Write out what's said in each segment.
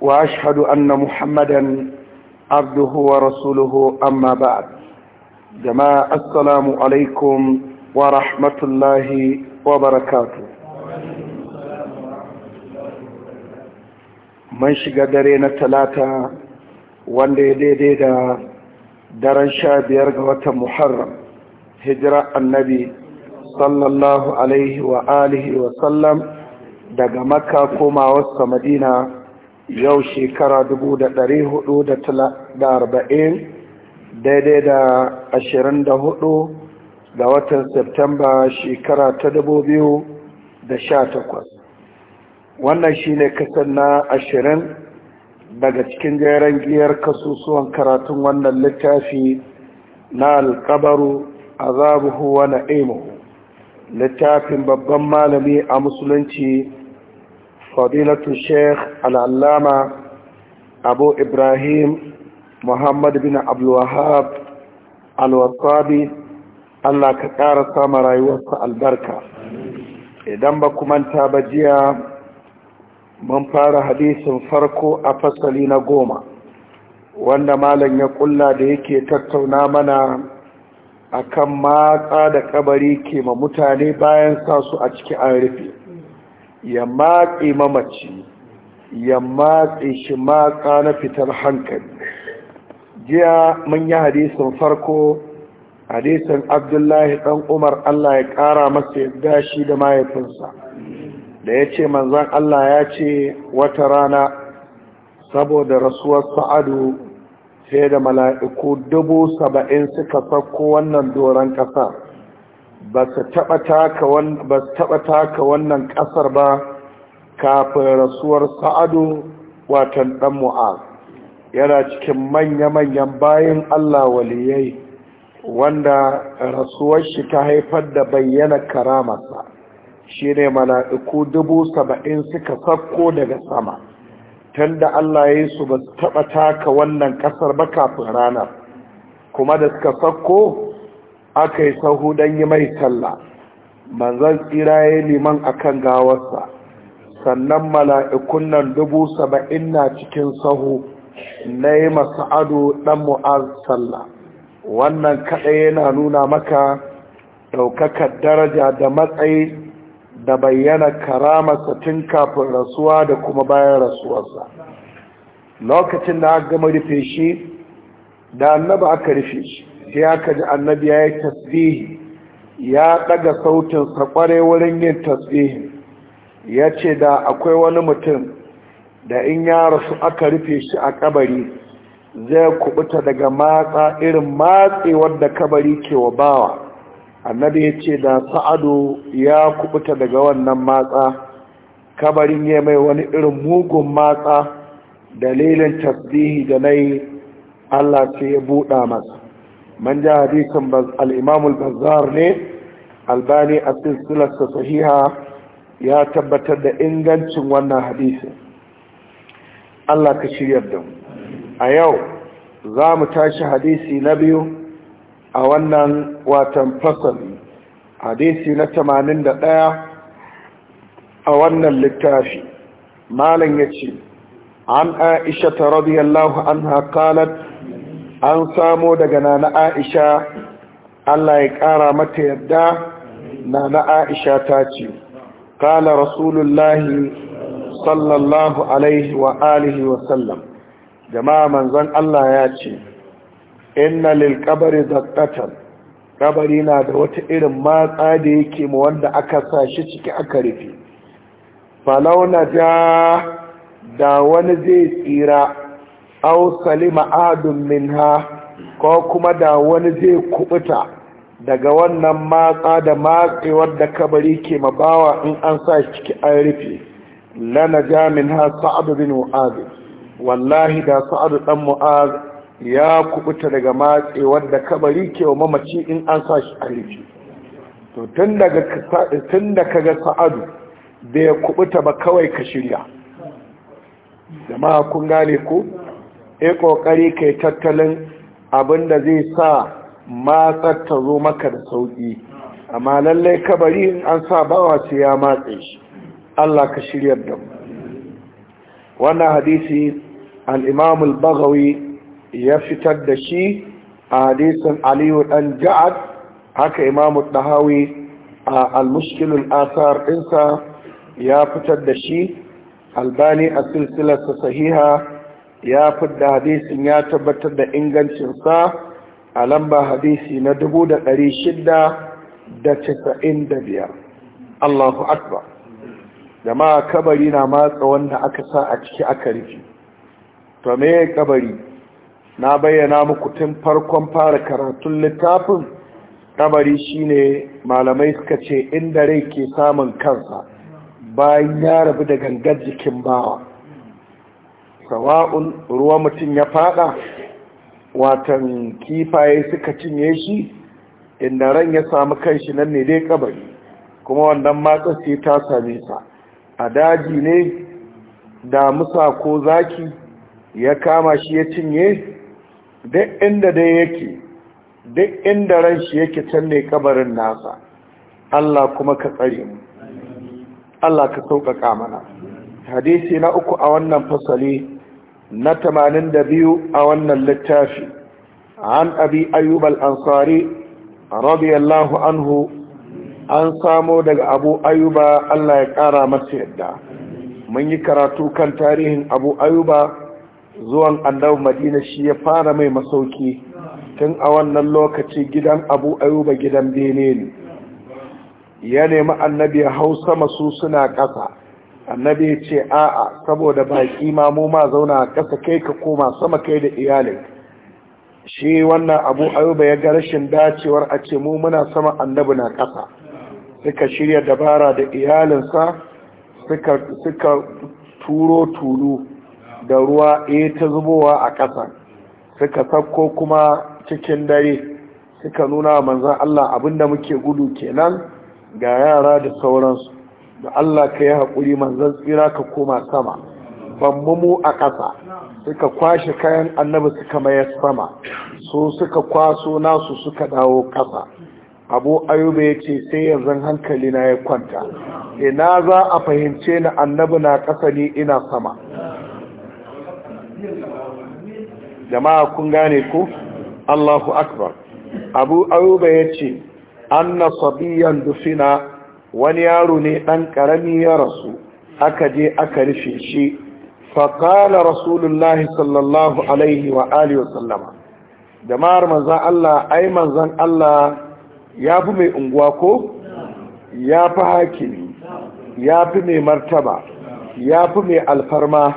وأشهد أن محمدا عبده ورسوله أما بعد جماعة السلام عليكم ورحمة الله وبركاته من shiga dare na talata wanda ya daidai da daren sha biyar ga watan muharram hijira annabi sallallahu alaihi wa alihi wa sallam daga maka komawarsa madina yau shekara dubu da dari hudu da da arba'in daidai da ashirin da hudu ga watan Septemba shekara ta dubu biyu da sha takwas wannan shi ne kasar na ashirin daga cikin jeren giyar kasusuwan karatun wannan littafi na alkabaru azabuhu wa na'imuhu littafin babban malami a musulunci فضيلة الشيخ العلامة أبو إبراهيم محمد بن عبد الوهاب الوصابي الله كقار سامر يوصى البركة إذن بكم أنت بجيا من فار حديث فرقو أفصلين قوما wanda malam ya kulla da yake tattauna mana akan matsa da kabari ke ma mutane bayan sa su a cikin an rufe ya matsi mamaci ya matsi shi matsa na fitar hankali jiya mun yi hadisin farko hadisin abdullahi ɗan umar allah ya ƙara masa yadda shi da mahaifinsa da ya ce manzan allah ya ce wata rana saboda rasuwar sa'adu sai da mala'iku dubu saba'in suka sauko wannan doron ƙasa ba su taɓa taka wannan ƙasar ba kafin rasuwar sa'adu watan ɗan mu'az yana cikin manya-manyan bayan allah waliyai wanda rasuwar shi ta haifar da bayyana karamarsa shi ne mala'iku dubu saba'in suka sakko daga sama tun da allah ya yi su ba su taɓa taka wannan ƙasar ba kafin ranar kuma da suka sakko aka yi sahu don yi mai talla manzan tsira ya liman akan gawarsa sannan mala'ikun nan dubu saba'in na cikin sahu na yi ado ɗan mu'az talla wannan kaɗai yana nuna maka ɗaukakar daraja da matsayi da bayyana karamarsa tun kafin rasuwa da kuma bayan rasuwarsa lokacin da aka gama rufe shi da annaba aka rufe shi sai aka ji annabi ya yi tasbihi ya daga sautin sa kware wurin yin tasbihi ya ce da akwai wani mutum da in ya rasu aka rufe shi a kabari zai kubuta daga matsa irin matsewar da kabari ke wa bawa annabi ya ce da sa'adu ya kubuta daga wannan matsa kabarin ya mai wani irin mugun matsa dalilin tasbihi da na yi allah sai ya buɗa masa من جاء حديثا الإمام البزار ني الباني السلسلة الصحيحة يا تبتر دا إنجان سنوانا حديثا الله كشير يبدو أيو زام تاشي حديثي نبيو أولا وتنفصل حديثي نتمانين دا أولا للتافي مالا يتشي عن عائشة رضي الله عنها قالت an samo daga nana aisha Allah ya ƙara mata yadda nana aisha ta ce kala rasulullahi sallallahu alaihi wa alihi wa sallam jama'a manzon Allah ya ce inna lil qabri daqqatan kabari na da wata irin matsa da yake mu wanda aka sa shi ciki aka rufe na ja da wani zai tsira aw salima adun minha ko kuma da wani zai kubuta daga wannan matsa da matsewar da kabari ke mabawa in an sa shi ciki an rufe lana ja minha sa'ad bin mu'az wallahi da sa'ad dan mu'az ya kubuta daga matsewar da kabari ke wa mamaci in an sa shi an rufe to tun daga tun da kaga sa'adu bai kubuta ba kawai ka shirya jama'a kun gane ku? ya ƙoƙari kai tattalin abin da zai sa matsar ta zo maka da sauƙi amma lallai kabari in an sa bawa ce ya matse shi Allah ka shiryar da mu wannan hadisi al-imam al-baghawi ya fitar da shi a hadisin aliyu dan ja'ad haka imam al-dahawi a al-mushkil al-athar ɗinsa ya fitar da shi albani a silsilarsa sahiha ya da hadisin ya tabbatar da ingancinsa a lamba hadisi na dubu da da shida casa'in biyar. Allahu Akbar jama'a kabari na matsa wanda aka sa a ciki aka rufe to me kabari na bayyana muku tun farkon fara karatun littafin kabari shine malamai suka ce inda rai ke samun kansa bayan ya rabu da gangar jikin bawa sawa'un ruwa mutum ya fada watan kifaye suka cinye shi inda ran ya samu kanshi nan ne dai kabari kuma wannan matsar sai ta same sa a daji ne da musa ko zaki ya kama shi ya cinye duk inda dai yake duk inda ran shi yake can ne kabarin nasa Allah kuma ka tsare mu Allah ka sauƙaƙa mana hadisi na uku a wannan fasali نتمانين دبيو a wannan littafi, أبي abi Ayubal-Ansari, الله Anhu, an samo daga abu ayuba allah ya ƙara masa yadda mun yi karatu kan tarihin abu ayuba zuwan annabi madina shi ya fara mai masauki tun a wannan lokaci gidan abu ayuba gidan bene ne ya nemi annabi ya hau sama su suna ƙasa annabi ya ce a'a saboda baƙi ma mu ma zauna a ƙasa kai ka koma sama kai da iyalin shi wannan abu ayuba ya ga rashin dacewar a ce mu muna sama annabi na ƙasa suka shirya dabara da iyalinsa suka suka turo tulu da ruwa e ta zubowa a ƙasa suka sakko kuma cikin dare suka nuna manzan Allah abinda muke gudu kenan ga yara da sauransu da Allah ka yi haƙuri manzan tsira ka koma sama ban mu a ƙasa suka kwashe kayan annabi suka maye sama so suka kwaso nasu suka dawo ƙasa abu ayuba ya ce sai yanzu hankali na ya kwanta ina za a fahimce ni annabi na ƙasa ne ina sama jama'a kun gane ku Allahu akbar abu ayuba ya ce an na sabiyan dufina wani yaro ne ɗan ƙarami ya rasu aka je aka rufe shi faƙala rasulullahi sallallahu alaihi wa alihi wa sallama jama'ar manzan Allah ai manzan Allah ya fi mai unguwa ko ya fi hakimi ya fi mai martaba ya fi mai alfarma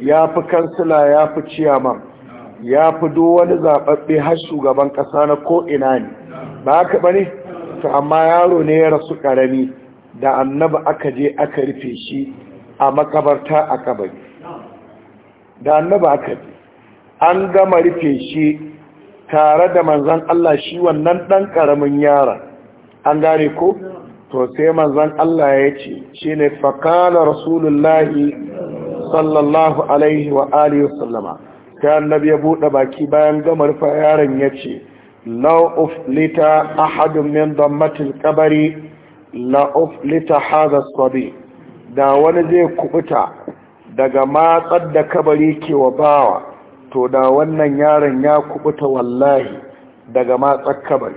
ya fi kansila ya fi ciyaman ya fi duk wani zaɓaɓɓe har shugaban ƙasa na ko ina ne ba haka ba ne rasu amma yaro ne ya rasu karami da annabi aka je aka rufe shi a makabarta a kabari da annabi aka je an gama rufe shi tare da manzan Allah shi wannan ɗan ƙaramin yara an gane ko to sai manzan Allah ya ce shi ne fakala rasulullahi sallallahu alaihi wa alihi wasallama ta annabi ya buɗe baki bayan gama rufe yaron ya ce لو أفلت احد من ضمه القبر لا أفلت هذا الصبي da wani zai kubuta daga matsar da kabari ke wa bawa to da wannan yaron ya kubuta wallahi daga matsar kabari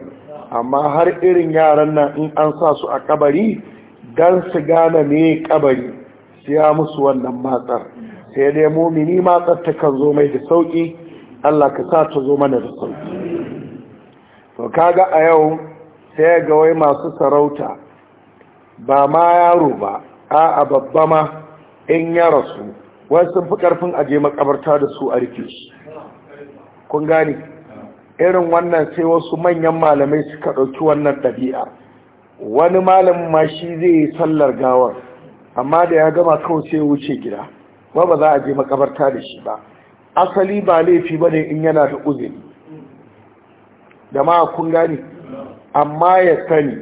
amma har irin yaran nan in an sa su a kabari dan su gane me kabari sai ya musu wannan matsar sai dai mumini matsar ta kan zo mai da sauki Allah ka sa ta zo mana da sauki to kaga a yau sai ga wai masu sarauta ba ma yaro ba a babba ma in ya rasu sun fi karfin aje makabarta da su a rike shi kun gane irin wannan sai wasu manyan malamai suka ɗauki wannan ɗabi'a wani malamin ma shi zai yi sallar gawar amma da ya gama kawai sai wuce gida ba ba za a je makabarta da shi ba asali ba laifi ba ne in yana da uzuri da ma kun gani amma ya sani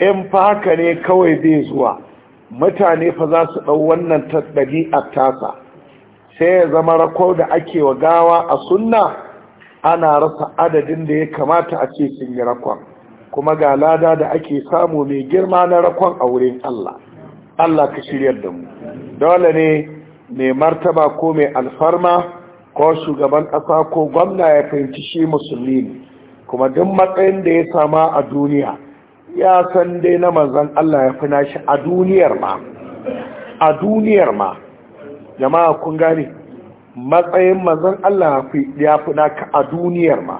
in fa haka ne kawai zai zuwa mutane fa za su ɗau wannan a tasa sai ya zama rako da ake wa gawa a sunna ana rasa adadin da ya kamata a ce sun yi rakon kuma ga lada da ake samu mai girma na rakon a wurin Allah Allah ka shiryar da mu dole ne mai martaba ko mai alfarma ko shugaban ƙasa ko gwamna ya fahimci shi musulmi ne kuma duk matsayin da ya sama a duniya ya san dai na manzan Allah ya fi nashi a duniyar ma a duniyar ma jama'a kun gane matsayin manzan Allah ya fi naka a duniyar ma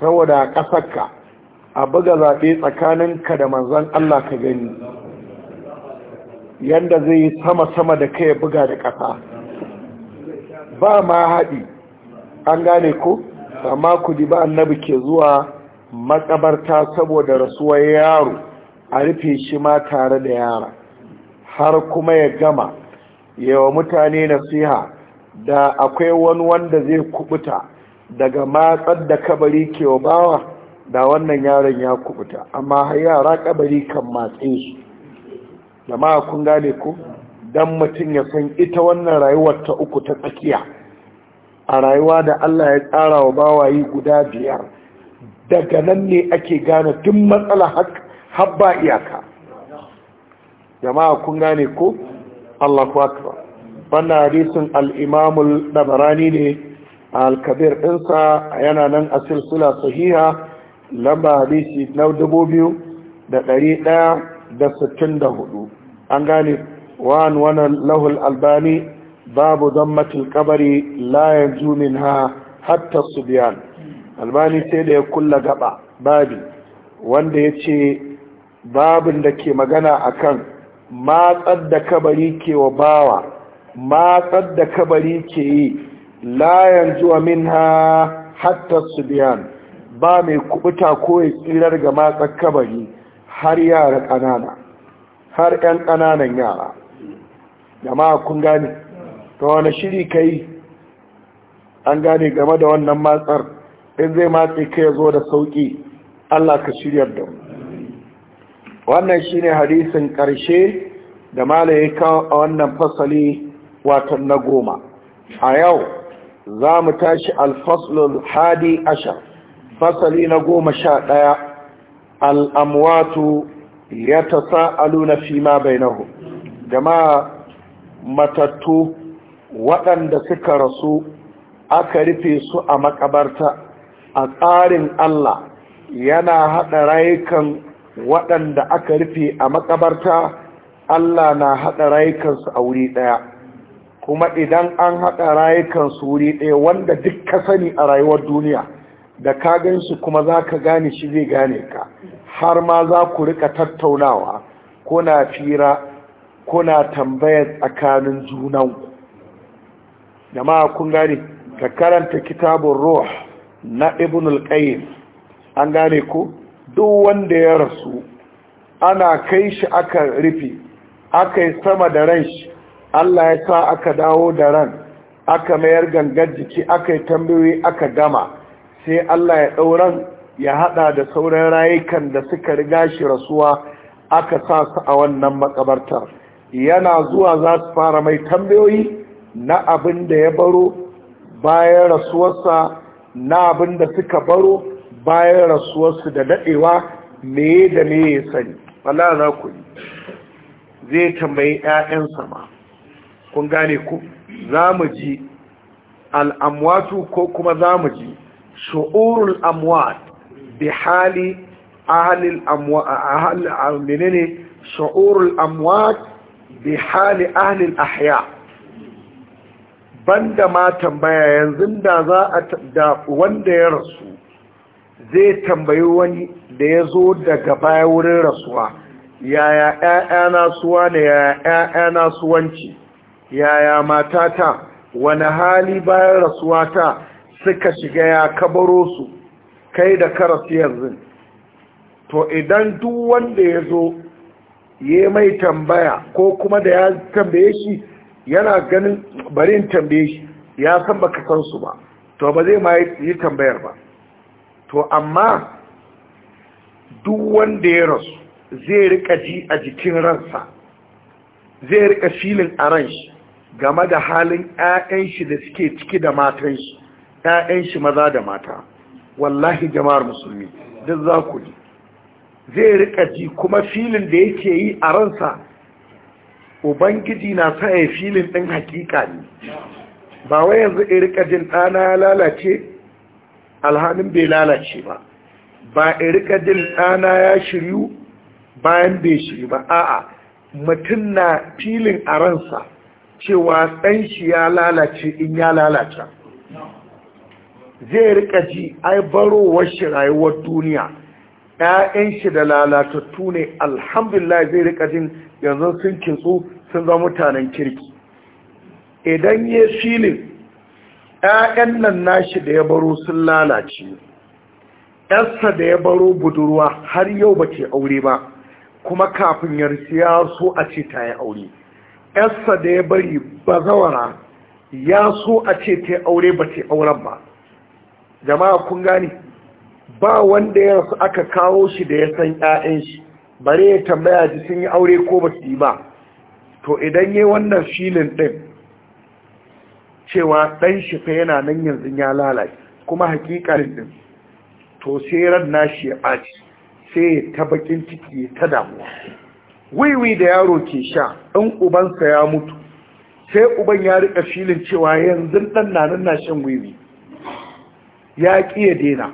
saboda ka, a buga zaɓe tsakaninka da manzan Allah ka gani yanda zai yi sama-sama da kai buga da ƙasa ba ma haɗi an gane ko? amma ku ba annabi ke zuwa makabarta saboda rasuwar yaro a rufe shi ma tare da yara har kuma ya gama yawa mutane nasiha da akwai wani wanda zai kubuta daga matsar da kabari ke bawa da wannan yaron ya kubuta amma har yara kabari kan matse su jama'a kun gane ku don mutum ya san ita wannan rayuwar ta uku ta tsakiya a rayuwa da Allah ya tsara wa bawayi guda biyar daga nan ne ake gane tun matsala habba iyaka jama'a kun gane ko Allah ku akbar wannan hadisin al'imamul ɗabarani ne Alkabir alkabir ɗinsa yana nan a silsila sahiha lamba hadisi na dubu biyu da ɗari ɗaya da sittin da hudu an gane wa'an wani lahul albani babu zammatul kabari la yanzu minha hatta subyan albani sai da ya kulla gaba babi wanda ya ce babin da ke magana akan matsar da kabari ke wa bawa matsar da kabari ke yi la yanzu minha hatta subyan ba mai kubuta ko ya tsirar ga matsar kabari har yara ƙanana har 'yan ƙananan yara jama'a kun gane to wani shiri ka yi an gane game da wannan matsar in zai matse ka ya zo da sauƙi allah ka shiryar da mu wannan ne hadisin ƙarshe da ya kawo a wannan fasali watan na goma a yau za mu tashi alfaslul hadi ashar fasali na goma sha ɗaya al'amwatu ya tasa na fi ma bai nahu ma matattu waɗanda suka rasu aka rufe su a makabarta a tsarin Allah yana haɗa rayukan waɗanda aka rufe a makabarta Allah na haɗa rayukansu a wuri ɗaya kuma idan an haɗa rayukansu wuri ɗaya wanda duk ka sani a rayuwar duniya da ka gan shi kuma za ka gane shi zai gane ka har ma za ku rika tattaunawa kuna fira kuna tambayar tsakanin junanku jama'a kun gane ka karanta kitabun ruh na ibn al-qayyim an gane ko duk wanda ya rasu ana kai shi aka rufe aka yi sama da ran shi Allah ya sa aka dawo da ran aka mayar gangar jiki aka yi tambayoyi aka gama sai Allah ya ɗauran ya hada da sauran rayukan da suka riga shi rasuwa aka sa su a wannan makabartar yana zuwa za su fara mai tambayoyi na abin da ya baro bayan rasuwarsa na abin da suka baro bayan rasuwarsu da daɗewa me da me ya sani Allah za ku yi zai tambayi 'ya'yansa ma kun gane ku za mu ji al'amwatu ko kuma za mu ji shu'urul amwat bi hali ahalil amwat ne shu'urul amwat bi hali ahalil ahya' banda ma tambaya yanzu da za a da wanda ya rasu zai tambayi wani da ya zo daga baya wurin rasuwa yaya ‘ya'yana suwa ne yaya ‘ya'yana suwanci yaya matata wani hali bayan rasuwa ta suka shiga ya kabaro su kai da karasu yanzu to idan duk wanda ya zo ya mai tambaya ko kuma da ya tambaye shi yana ganin bari in tambaye shi ya san baka san su ba to ba zai ma yi tambayar ba to amma duk wanda ya rasu zai rika ji a jikin ransa zai rika filin a ran shi game da halin 'ya'yan shi da suke ciki da matan shi 'ya'yan shi maza da mata wallahi jama'ar musulmi duk za ku ji zai rika ji kuma filin da yake yi a ransa ubangiji na sa ya filin ɗin hakika ne ba wai yanzu irika jin ɗana ya lalace alhamin bai lalace ba ba irika jin ɗana ya shiryu bayan bai shiryu ba a'a mutum na filin a ransa cewa ɗan shi ya lalace in ya lalace zai rika ji ai barowar shi rayuwar duniya ‘ya'yan shi da lalatattu ne alhamdulillah zai rika jin yanzu sun kintsu sun zama mutanen kirki idan ya filin ‘ya'yan nan nashi da ya baro sun lalace ‘yarsa da ya baro budurwa har yau ba ce aure ba kuma kafin ya so a ce ta yi aure ‘yarsa da ya bari bazawara ya so a ce ta yi aure ba ce auren ba jama'a kun gani ba wanda ya rasu aka kawo shi da ya san ‘ya'yan shi bare ya tambaya ji sun yi aure ko ba su yi ba to idan yi wannan filin ɗin cewa ɗan shi fa yana nan yanzu ya lalace kuma hakikalin ɗin to sai ran nashi ya ɓaci sai ta bakin ciki ta damuwa wiwi da yaro ke sha ɗan ubansa ya mutu sai uban ya rika filin cewa yanzu ɗan na nan na shan wiwi ya ƙi ya dena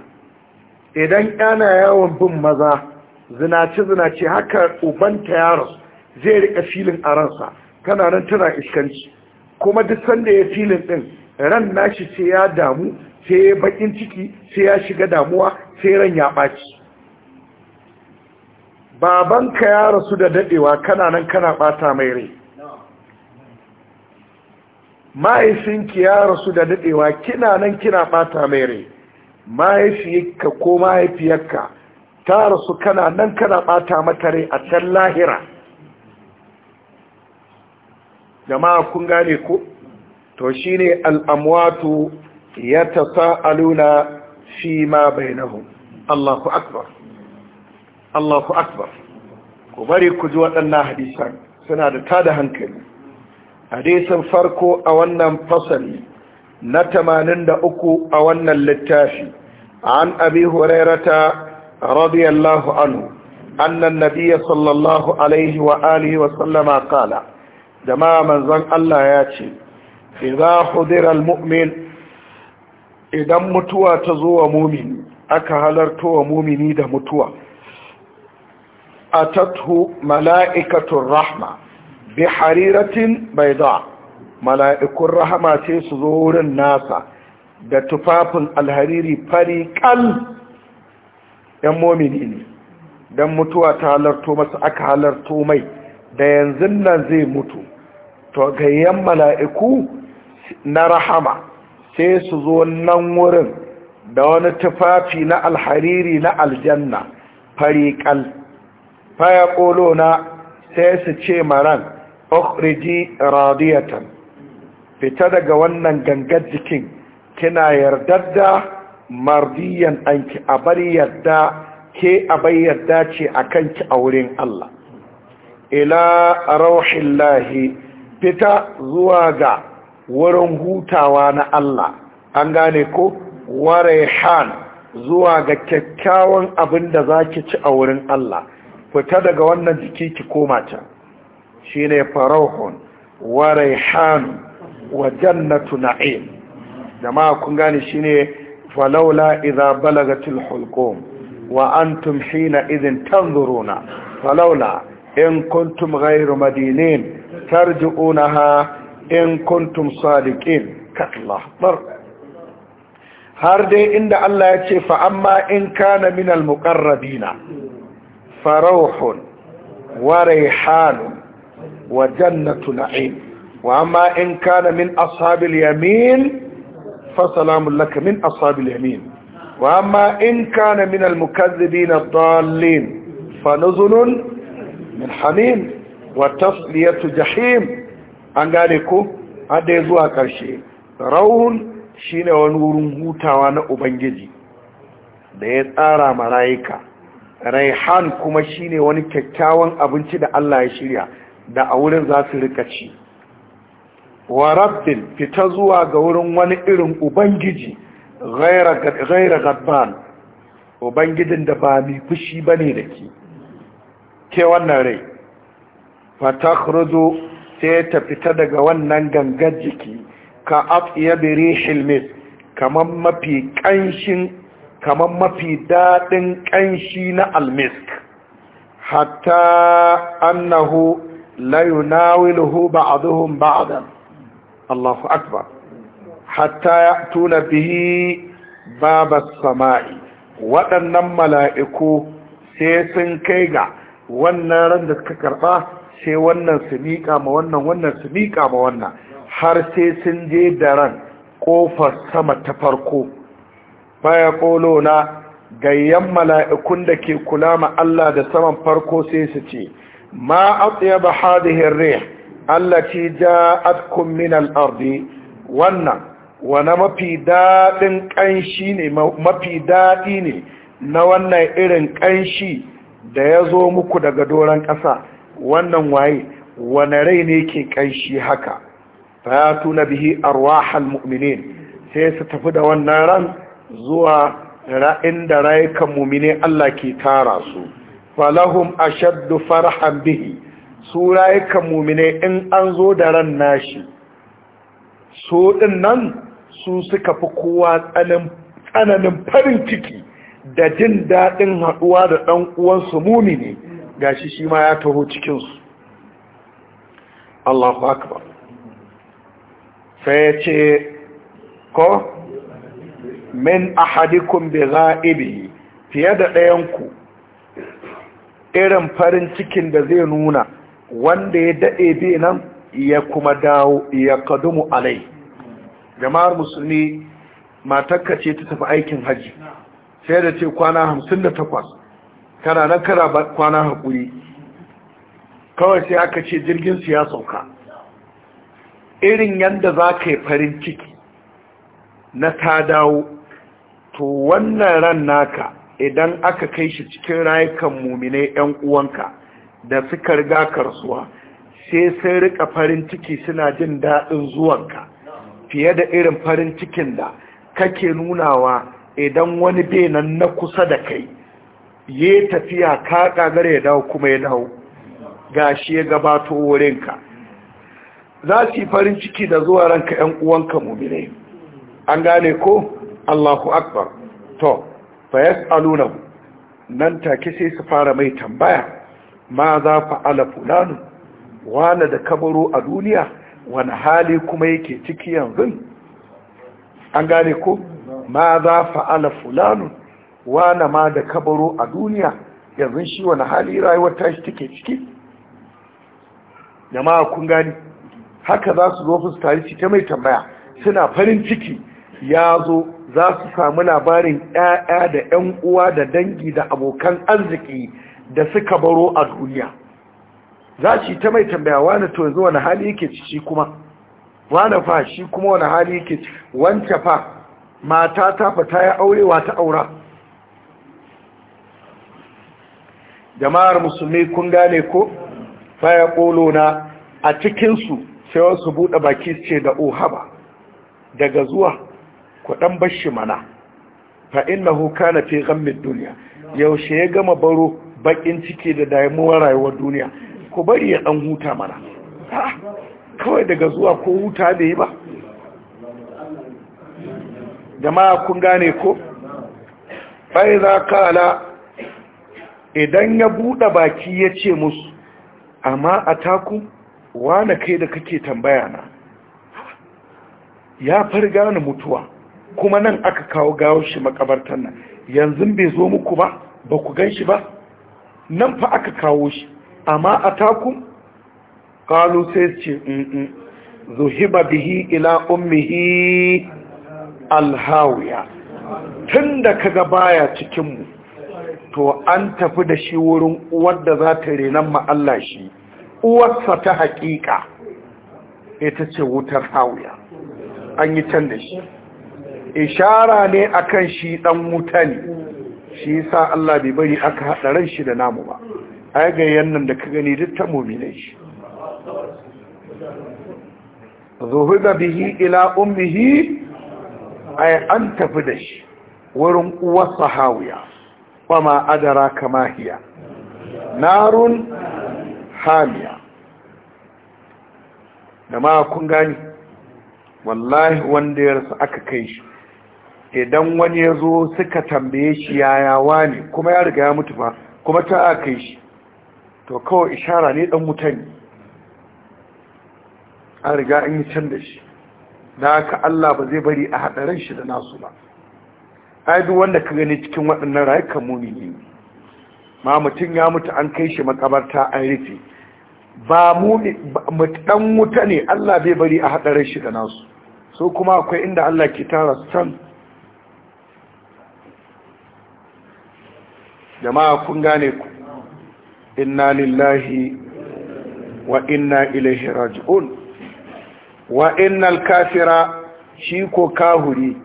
idan yana yawon bin maza zinace-zinace haka ubanta ya zai rika filin a ransa kana nan tana iskanci kuma duk sanda ya filin din ran nashi sai ya damu sai ya bakin ciki sai ya shiga damuwa sai ran ya baci babanka ya rasu da dadewa kana nan kana bata mai rai mahaifinki ya rasu da dadewa kina nan kina bata mai rai mahaifiyarka ko mahaifiyarka ta rasu kana nan kana bata mata rai a can lahira jama'a kun gane ku to shi shine al'amwatu ya tasa'aluna fi ma bainahum Allahu akbar Allahu akbar ku bari ku ji waɗannan hadisan suna da ta da hankali hadisin farko a wannan fasali na 83 a wannan littafi an abi hurairata radiyallahu anhu annan nabiyya sallallahu alaihi wa alihi wa sallama qala jama'a manzon Allah ya ce idza hudira idan mutuwa ta zo wa mumini aka halarto wa mumini da mutuwa atathu mala'ikatun rahma bi hariratin bayda mala'ikun rahama ce su zo wurin nasa da tufafin alhariri fari ƙal. yan mumini ne don mutuwa ta halarto masa aka halarto mai da yanzu nan zai mutu to gayyan mala'iku na rahama sai su zo nan wurin da wani tufafi na alhariri na aljanna fariƙal faya ƙolo na sai su ce maran ukhriji radiyatan fita daga wannan gangar jikin kina yardar da mardiyan anki a bar yadda ke a bai yadda ce a kanki a wurin Allah ila rauhin lahi fita zuwa ga wurin hutawa na Allah an gane ko waraihan zuwa ga kyakkyawan abin da za ki ci a wurin Allah fita daga wannan jiki ki koma can shi ne farauhun waraihan wa jannatu na'im jama'a kun gane shi ne falaula iza balagatil hulqum wa antum hina idhin tanzuruna falaula in kuntum ghayru madinin ترجعونها إن كنتم صادقين كتلا مر هاردي إن الله يتشي فأما إن كان من المقربين فروح وريحان وجنة نعيم وأما إن كان من أصحاب اليمين فسلام لك من أصحاب اليمين وأما إن كان من المكذبين الضالين فنزل من حميم wa tasliyatu jahim an gane ko hada zuwa karshe rauhun shine wani wurin hutawa na ubangiji da ya tsara marayuka. raihan kuma shine wani kyakkyawan abinci da Allah ya shirya da a wurin za su rika ci wa rabbin fita zuwa ga wurin wani irin ubangiji ghaira gadban ubangijin da ba mai fushi bane da ke ke wannan rai fatakhruju sai ta fita daga wannan gangan jiki ka afiya bi rihil kamar mafi kanshin ƙanshi mafi dadin kanshi na almisk hatta annahu la yunawiluhu ba'dhum ba'dan Allahu akbar hatta ya'tuna bihi babas sama'i waɗannan mala'iku sai sun kai ga wannan ran da suka karɓa sai wannan su miƙa ma wannan wannan su miƙa ma wannan har sai sun je da ran ƙofar sama ta farko baya ƙolo na gayyan mala'ikun da ke kula ma Allah da saman farko sai su ce ma a tsaye ba hadihin rih Allah ce ja atkun min al'ardi wannan wane mafi daɗin ƙanshi ne mafi daɗi ne na wannan irin ƙanshi da ya zo muku daga doron ƙasa wannan waye wane rai ne ke kanshi haka fayatu tuna bihi arwahal mu'minin sai su tafi da wannan ran zuwa ra'in da rayukan mu'mini Allah ke tara su falahum ashaddu farhan bihi su rayukan mu'mini in an zo da ran nashi su din nan su suka fi kowa tsananin farin ciki da jin daɗin haɗuwa da ɗan uwansu mumini gashi shi ma ya taho cikinsu Allahu akbar sai ya ce ko min ahadikum bi ghaibi fiye da ɗayanku irin farin cikin da zai nuna wanda ya daɗe bi nan ya kuma dawo ya kadumu alai jama'ar musulmi matakka ce ta tafi aikin hajji sai da ce kwana hamsin da takwas kana nan kana kwana haƙuri kawai sai aka ce jirgin su ya sauka irin yadda za ka yi farin ciki na ta dawo to wannan ran naka idan aka kai shi cikin rayukan muminai 'yan uwanka da suka riga karsuwa sai sai rika farin ciki suna jin daɗin zuwanka fiye da irin farin cikin da kake nunawa idan wani benan na kusa da kai yi tafiya ka kagare ya dawo kuma ya dawo ga shi ya gabato wurinka za su yi farin ciki da zuwa ranka 'yan uwanka mummine an gane ko allahu akbar to fayas alunan nan take sai su fara mai tambaya ma za ala fulani wane da kabaro a duniya wani hali kuma yake ciki yanzu an gane ko ma za fa'ala fulani wana ma da kabaro a duniya yanzu shi wani hali rayuwar tashi take ciki jama'a kun gani haka za su zo shi ta mai tambaya suna farin ciki ya zo za su samu labarin 'ya'ya da 'yan uwa da dangi da abokan arziki da suka baro a duniya za shi ta mai tambaya wani to yanzu wani hali yake ciki kuma wani fa shi kuma wani hali yake ciki wancan fa mata ta fa ya aurewa ta aura jama'ar musulmi kun gane ko faya na a cikinsu sai wasu buɗe baki ce da ohaba daga zuwa ku ɗan bashi mana fa innahu na fi ghammin duniya yaushe ya gama baro bakin ciki da damuwar rayuwar duniya ku bari ya ɗan huta mana kawai daga zuwa ko huta da yi ba jama'a kun gane ko ka kala idan ya buɗe baki ya ce musu amma a taku wane kai da kake tambaya na ya farga ni mutuwa kuma nan aka kawo gawo shi makabartar nan yanzu bai zo muku ba ba ku gan shi ba nan fa aka kawo shi amma a taku kalu sai ce zuhiba bihi ila ummihi alhawiya tun da kaga baya cikinmu to an tafi da shi wurin uwar da za ta renan ma'alla shi uwarsa ta haƙiƙa ita ce wutar hawuya. an yi can da shi ishara ne akan shi ɗan wuta ne shi sa Allah bai bari aka haɗa ran shi da namu ba ai ga yannan da ka gani duk ta muminai shi zuhuda bihi ila ummihi ai an tafi da shi wurin uwarsa hawuya. fama adara kama hiya narun hamiya da ma kun gani wallahi wanda ya rasu aka kai shi idan wani ya zo suka tambaye shi yayawa ne kuma ya riga ya mutu ba kuma ta aka kai shi to kawai ishara ne dan mutane a riga an yi can da shi da haka Allah ba zai bari a haɗarin shi da nasu ba ai bi wanda ka gani cikin waɗannan rayuka muni ne ma mutum ya mutu an kai shi makabarta an rufe ba mu dan wuta ne Allah bai bari a haɗarar shi da nasu so kuma akwai inda Allah ke tara san jama'a kun gane ku inna lillahi wa inna ilaihi raji'un wa innal kafira shi ko kahuri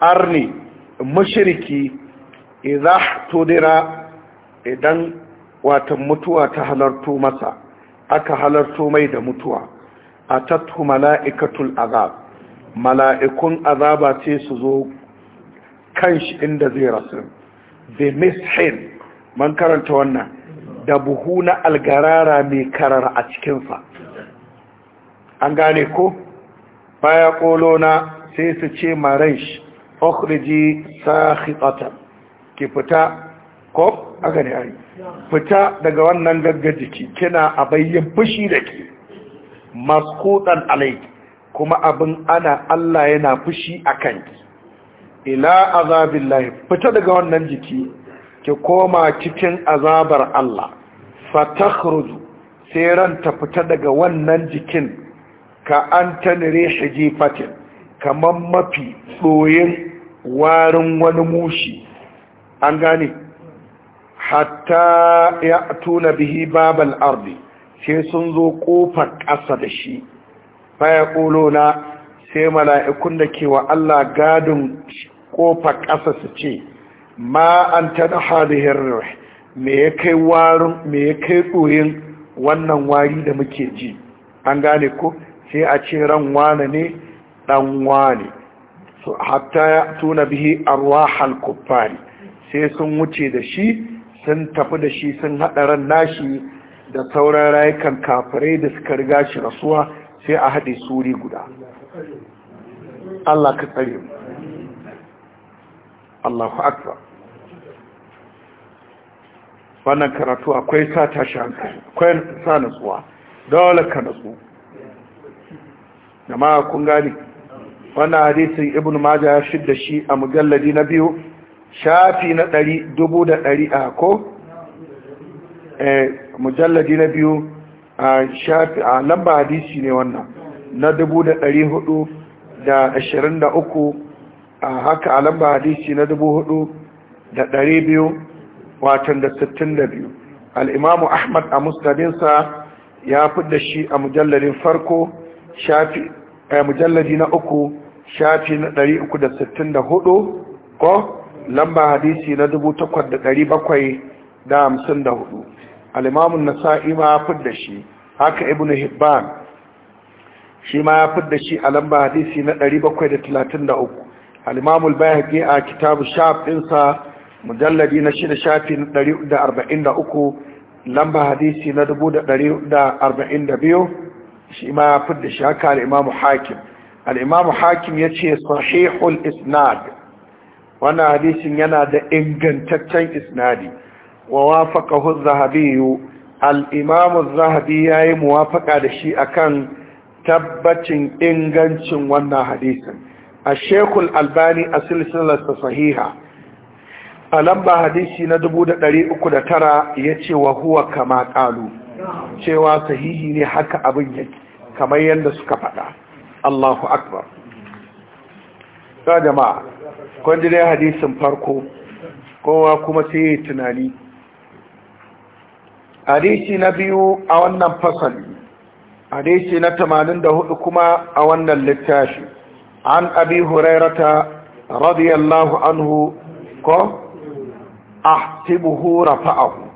arni mashiriki idza tudira idan wata mutuwa ta halarto masa aka halarto mai da mutuwa a tattu mala'ikatul azab mala'ikun azaba ce su zo kan shi inda zai rasu bi mishin man karanta wannan da buhu na algarara mai karar a cikinsa an gane ko baya kolo na sai su ce maran shi ukhriji sakhitatan ki fita ko aka ne ai fita daga wannan gaggajiki kina a bayyan fushi da ke maskutan alaiki kuma abin ana Allah yana fushi a kanki ila azabillahi fita daga wannan jiki ki koma cikin azabar Allah fatakhruju sai ran ta fita daga wannan jikin ka an antan shi jifatin kamar mafi tsoyin warin wani mushi an gane hatta ya tuna bihi babal ardi sai sun zo kofar ƙasa da shi baya na sai mala'ikun da ke wa Allah gadin kofar ƙasa su ce ma an ta da hadihin me ya kai warin me ya kai ɗoyin wannan wari da muke ji an gane ko sai a ce ran wane ne ɗan wane hatta ya tuna bihi arwahal kuffari sai sun wuce da shi sun tafi da shi sun hada ran nashi da sauran rayukan kafirai da suka riga shi rasuwa sai a haɗe suri guda Allah ka tsare mu Allahu akbar wannan karatu akwai sa tashi akwai sa natsuwa dole ka natsu jama'a kun gani wannan hadisin ibn maja ya shidda shi a mujalladi na biyu shafi na ɗari dubu da ɗari a ko eh, mujalladi na biyu a shafi a lamba hadisi ne wannan na dubu da ɗari hudu da ashirin da uku a haka a lamba hadisi na dubu hudu da ɗari biyu watan da sittin da biyu al'imamu ahmad a musnadinsa ya fi da shi a mujalladin farko shafi a eh, mujalladi na uku shafi na 364 ko lamba hadisi na 8754 alimamun na sa'i ma ya fidda shi haka ibn hibban shi ma ya fidda shi a lamba hadisi na 733 alimamun baya bayhaqi a kitabu shaf mujalladi na shida shafi na 343 lamba hadisi na 442 shi ma ya fidda shi haka alimamun hakim alimam hakim ya ce sahihul isnad wani hadisin yana da ingantaccen isnadi wa wafaka zahabiyu al'imamu zahabi ya yi muwafaka da shi akan tabbacin ingancin wannan hadisin a shekul albani a silsilarsa sahiha a lamba hadisi na 309 ya ce wa huwa kama ƙalu cewa sahihi ne haka abin yake kamar yadda suka faɗa Allahu akbar ta jama'a dai hadisin farko kowa kuma sai yi tunani hadisi na biyu a wannan fasali hadisi na tamanin da hudu kuma a wannan littafi an abi hurairata radiyallahu anhu ko ahtibuhu rafa'ahu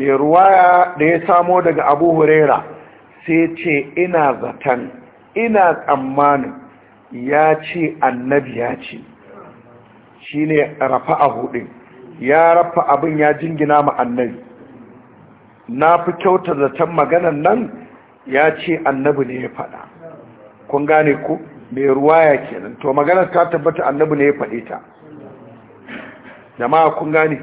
mai ruwaya da ya samo daga abu huraira sai ce ina zaton ina tsammanin ya ce annabi ya ce shi ne rafa a hudin ya rafa abin ya jingina ma annabi na fi kyauta zaton maganan nan ya ce annabi ne ya faɗa kun gane ku mai ke nan to maganar ta tabbata annabi ne ya fade ta jama'a kun gane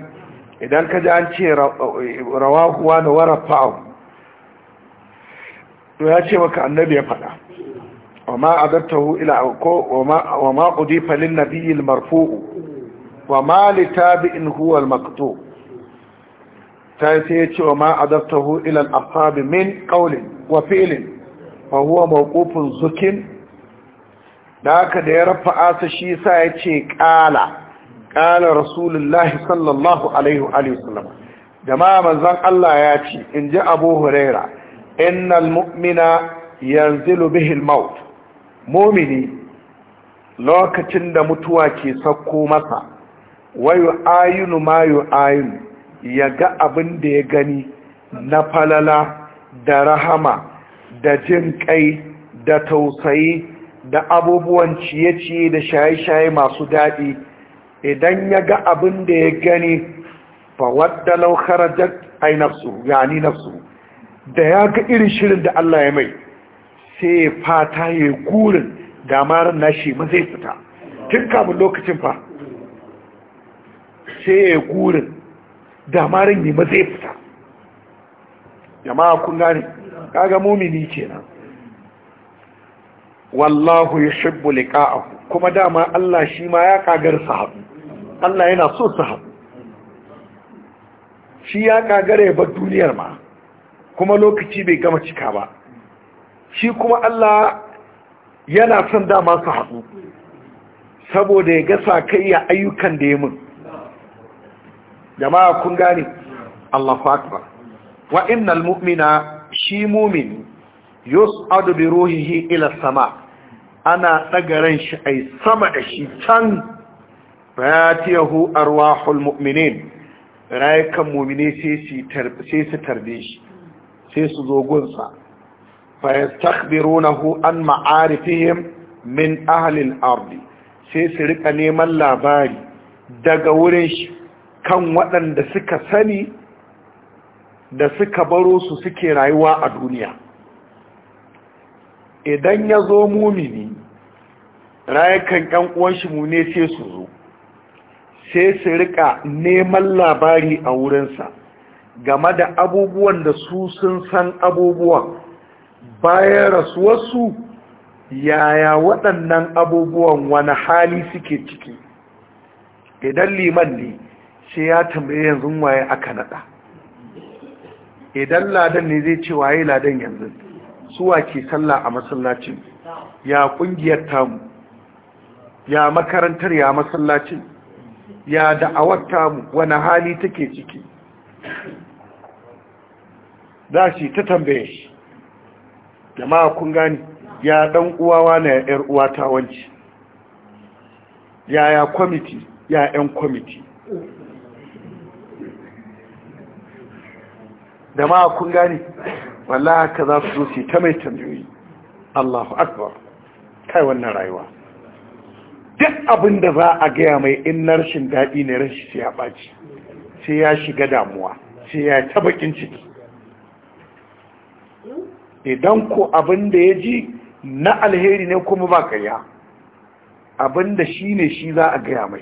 idan ka ji an ce huwa na wara fa'a to ya ce maka annabi ya faɗa وما أدبته إلى وما أضيف للنبي المرفوع وما لتابع هو المقطوع تأتيت وما أدبته إلى الأصحاب من قول وفعل وهو موقوف زك ذاك دير فآس الشيسا يتي قال قال رسول الله صلى الله عليه وآله وسلم جماعة من ذنب الله ياتي إن جاء أبو هريرة إن المؤمن ينزل به الموت mumini lokacin da mutuwa ke sakko masa wayo ayinu mayo ayinu ya ga abin da ya gani na falala da rahama da jin kai da tausayi da abubuwan ciye-ciye da shaye-shaye masu daɗi idan ya ga abin da ya gani fa wadda laukar jad ai nafsu yani nafsu da ya ga irin shirin da Allah ya mai sai fata ya yi gurin damarin nashi ma zai fita tun kamun lokacin fa sai ya yi gurin damarin ne ma zai fita jama'a kun gane kaga mumini kenan wallahu ya yuhibbu liqa'ahu kuma dama Allah shi ma ya kagar sahabu Allah yana so sahabu shi ya kagare ba duniyar ma kuma lokaci bai gama cika ba shi kuma Allah yana son dama su haɗu saboda ya gasa kai ya ayyukan da ya mun jama'a kun gane Allah akbar wa innal mu'mina shi mumin yus'adu bi ruhihi ila sama ana daga ran shi ai sama da shi can fatiyahu arwahul mu'minin rayukan mu'mine sai su tarbe shi sai su zo gunsa fayastakhbirunahu an ma'arifihim min ahli al-ardi sai su rika neman labari daga wurin shi kan waɗanda suka sani da suka baro su suke rayuwa a duniya idan ya zo mumini rayukan ƴan uwan shi mu ne sai su zo sai su rika neman labari a wurinsa game da abubuwan da su sun san abubuwan bayan rasuwarsu yaya waɗannan abubuwan wani hali suke ciki idan liman ne sai ya tambaye yanzu waye aka naɗa idan ladan ne zai ce waye ladan yanzu suwa ke sallah a masallacin ya ƙungiyar tamu ya makarantar ya masallacin ya da'awar tamu wani hali take ciki za shi ta tambaye shi jama'a kun gani ya dan uwawa na yar uwa ta wanci yaya kwamiti ya yan kwamiti jama'a kun gani wallahi ka za su zo ta mai tambayoyi Allahu akbar kai wannan rayuwa duk abin da za a gaya mai in na rashin daɗi ne rashin sai ya ɓaci sai ya shiga damuwa sai ya ta bakin ciki idan ku abin da ya ji na alheri ne kuma ba kariya abin da shi ne shi za a gaya mai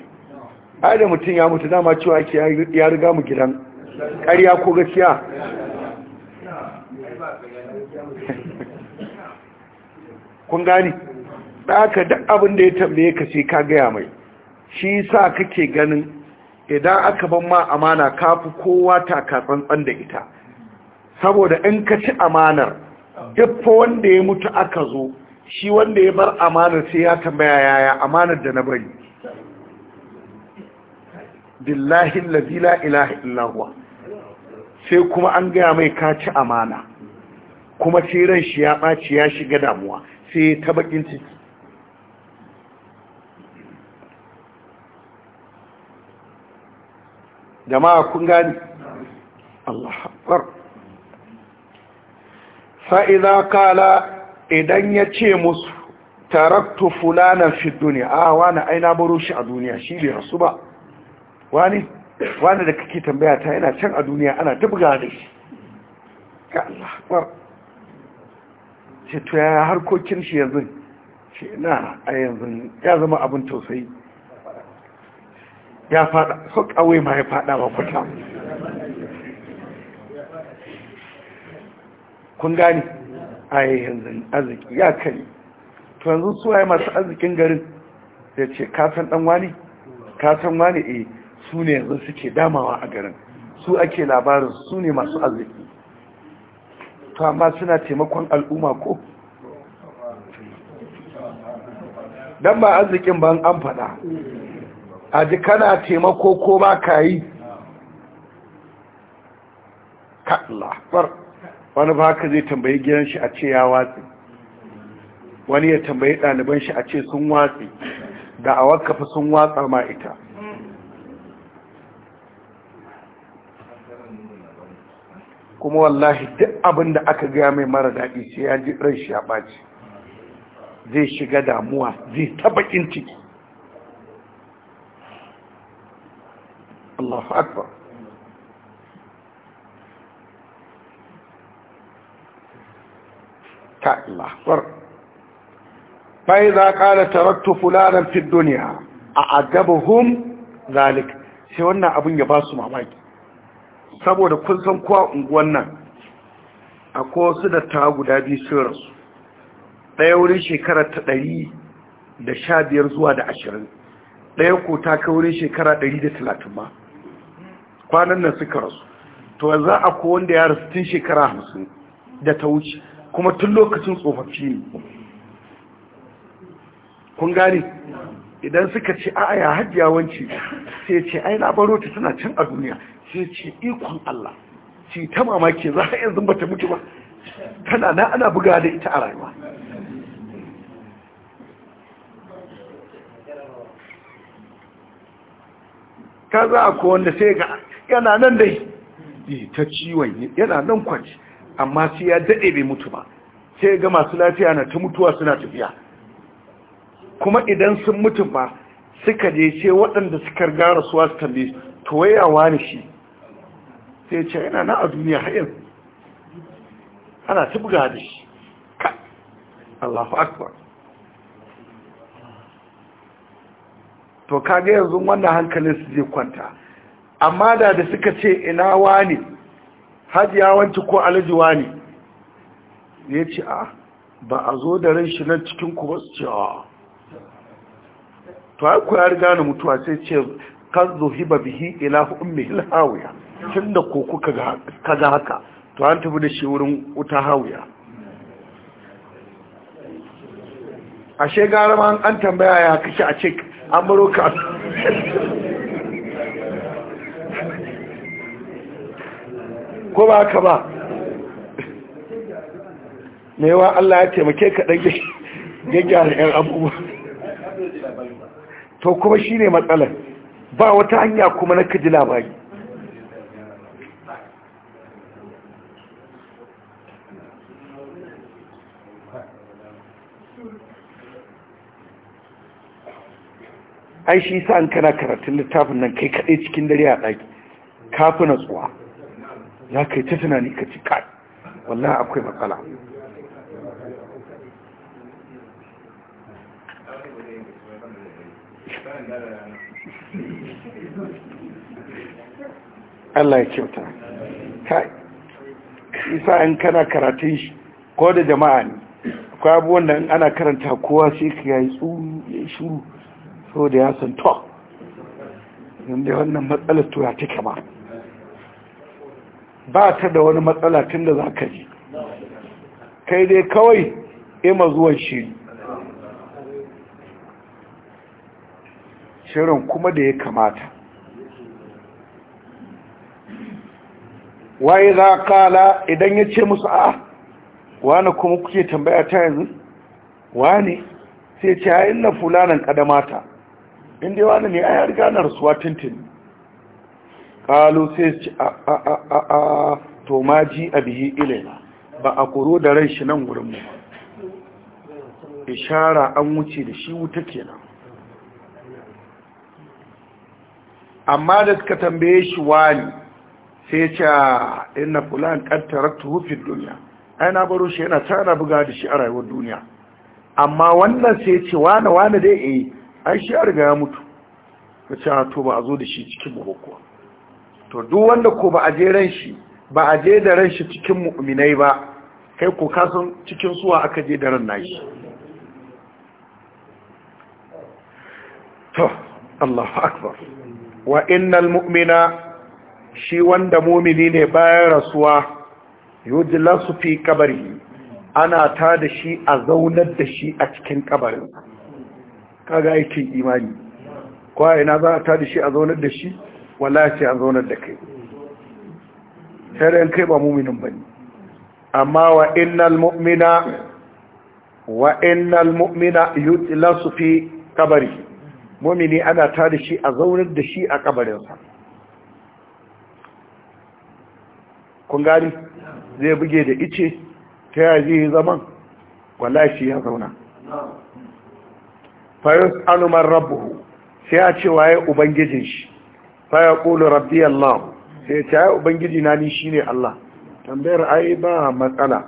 ai da mutum ya mutu dama cewa ake ya riga mu gidan ƙarya ko gaskiya kun gani ɗaka duk abin da ya tambaye ka sai ka gaya mai shi sa kake ganin idan aka ban ma amana kafi kowa taka tsantsan da ita saboda in ka ci amanar iffa wanda ya mutu aka zo shi wanda ya bar amana sai ya tambaya yaya amanar da na bari Dillahi lalila ilaha illahuwa sai kuma an gaya mai kaci amana kuma sai shi ya ɓaci ya shiga damuwa sai ya ta ciki jama'a kun gani Allah haɓar fa'iza kala idan ya ce musu taraktu fulanan fi duniya a wani aina baro shi a duniya shi bai rasu ba wani wani da kake tambaya ta yana can a duniya ana dubga da shi ya Allah kwar ce to ya harkokin shi yanzu shi na a yanzu ya zama abin tausayi ya fada so kawai ma ya fada ba kwata kun gane A yanzu arziki ya kari to yanzu su waye masu arzikin garin ya ce kasan dan wani kasan wani e. Eh, su ne yanzu suke damawa a garin su ake labarin su ne masu arziki to amma suna taimakon al'umma ko don ba arzikin ban an fada a ji kana taimako ko ba ka yi ka labar. wani ba haka zai tambayi gidan shi a ce ya watsi wani ya tambayi ɗaliban shi a ce sun watsi da a wakafa sun watsa ma ita kuma wallahi duk abin da aka gaya mai mara daɗi sai ya ji ran shi ya ɓaci zai shiga damuwa zai tabakin ciki Allahu Akbar ka Allah fa idza qala taraktu fulanan fi dunya a'adabuhum zalik sai wannan abun ya ba su mamaki saboda kun san kuwa unguwan nan akwai wasu da ta guda biyu sun rasu ɗaya wurin shekara ta ɗari da sha biyar zuwa da ashirin ɗaya ko ta kai wurin shekara ɗari da talatin ba, kwanan nan suka rasu to yanzu akwai wanda ya rasu tun shekara hamsin da ta wuce kuma tun lokacin tsofaffi ne kun gane idan suka ce a ya hajji yawanci sai ce ai baro ta tana can a duniya sai ce ikon Allah ce ta mamaki za a yanzu ba ta mutu ba tana na ana buga da ita a rayuwa ka za a kowanda sai ga yana nan dai ta ciwon yana nan kwanci amma shi ya daɗe bai mutu ba sai ga masu lafiya na ta mutuwa suna tafiya kuma idan sun mutu ba suka je ce waɗanda suka gara suwa su tambi to wayawa wani shi sai ce yana na a duniya haɗin ana ta buga da shi ka Allahu akbar to kage yanzu wannan hankalin su je kwanta amma da da suka ce ina wani hajiya wanci ko alijiwa ne ya ce a ah, ba a zo da ran shi nan cikin kuma su ce a ah. to haiku ya riga na mutuwa sai ce kan zohiba bihi ilahu ummi hilhawiya tun da koko ga haka to an tafi da shi wurin wuta hawiya ashe gara ma an tambaya ya kashe a cik an baro ka ko ba haka ba wa Allah ya taimake ka ɗan gyaggyara 'yan abubuwa to kuma shi ne matsalar ba wata hanya kuma na ka ji labari ai shi sa an kana karatun littafin nan kai kaɗai cikin dare a ɗaki kafin tsuwa Ya ka yi ta tunani ka ci kai wallah akwai matsala Allah ya kyauta kai isa in kana karatun shi ko da jama'a ne akwai abubuwan da ana karanta kowa sai ka yayi tsuru ya shuru so da ya san to yadda wannan matsalar tura take ba ba ta da wani matsala tun da za ka ji kai dai kawai ima zuwan shiri shirin kuma da ya kamata waye za kala idan ya ce musu a wani kuma kuke tambaya ta yanzu wani sai ce ha'in na fulanan kadamata inda wani ne a yarganar suwa tuntun. ƙalo sai ci a a a a a to ma ji a bihi ilaina ba a koro da rai shi nan wurinmu ishara an wuce da shi wuta kenan amma da suka tambaye shi wani sai ce ina fulan ƙantarar tuhufin duniya aina baro shi yana tana buga da shi a rayuwar duniya amma wannan sai ce wane wane dai eh ai shi a riga ya mutu ka ce to ba a zo da shi cikin bukukuwa to duk wanda ko ba a je ran shi ba a je da ran shi cikin mu'minai ba kai ko kasan cikin suwa aka je da ran nashi to Allahu akbar wa innal mu'mina shi wanda mumini ne bayan rasuwa yujlasu fi kabari ana ta da shi a zaunar da shi a cikin kabarin kaga aikin imani kwa ina za a ta da shi a zaunar da shi wallahi an zaunar da kai sai kai ba muminin bane amma wa innal mu'mina wa innal mu'mina yutlasu fi kabari mumini ana tada shi a zaunar da shi a kabarinsa kun gani zai buge da ice ta yaji zaman wallahi ya zauna fayus anuman rabbuhu sai a ce waye ubangijin shi faya ya qulu rabbi allah sai ce ai ubangiji na ni ne allah tambayar ai ba matsala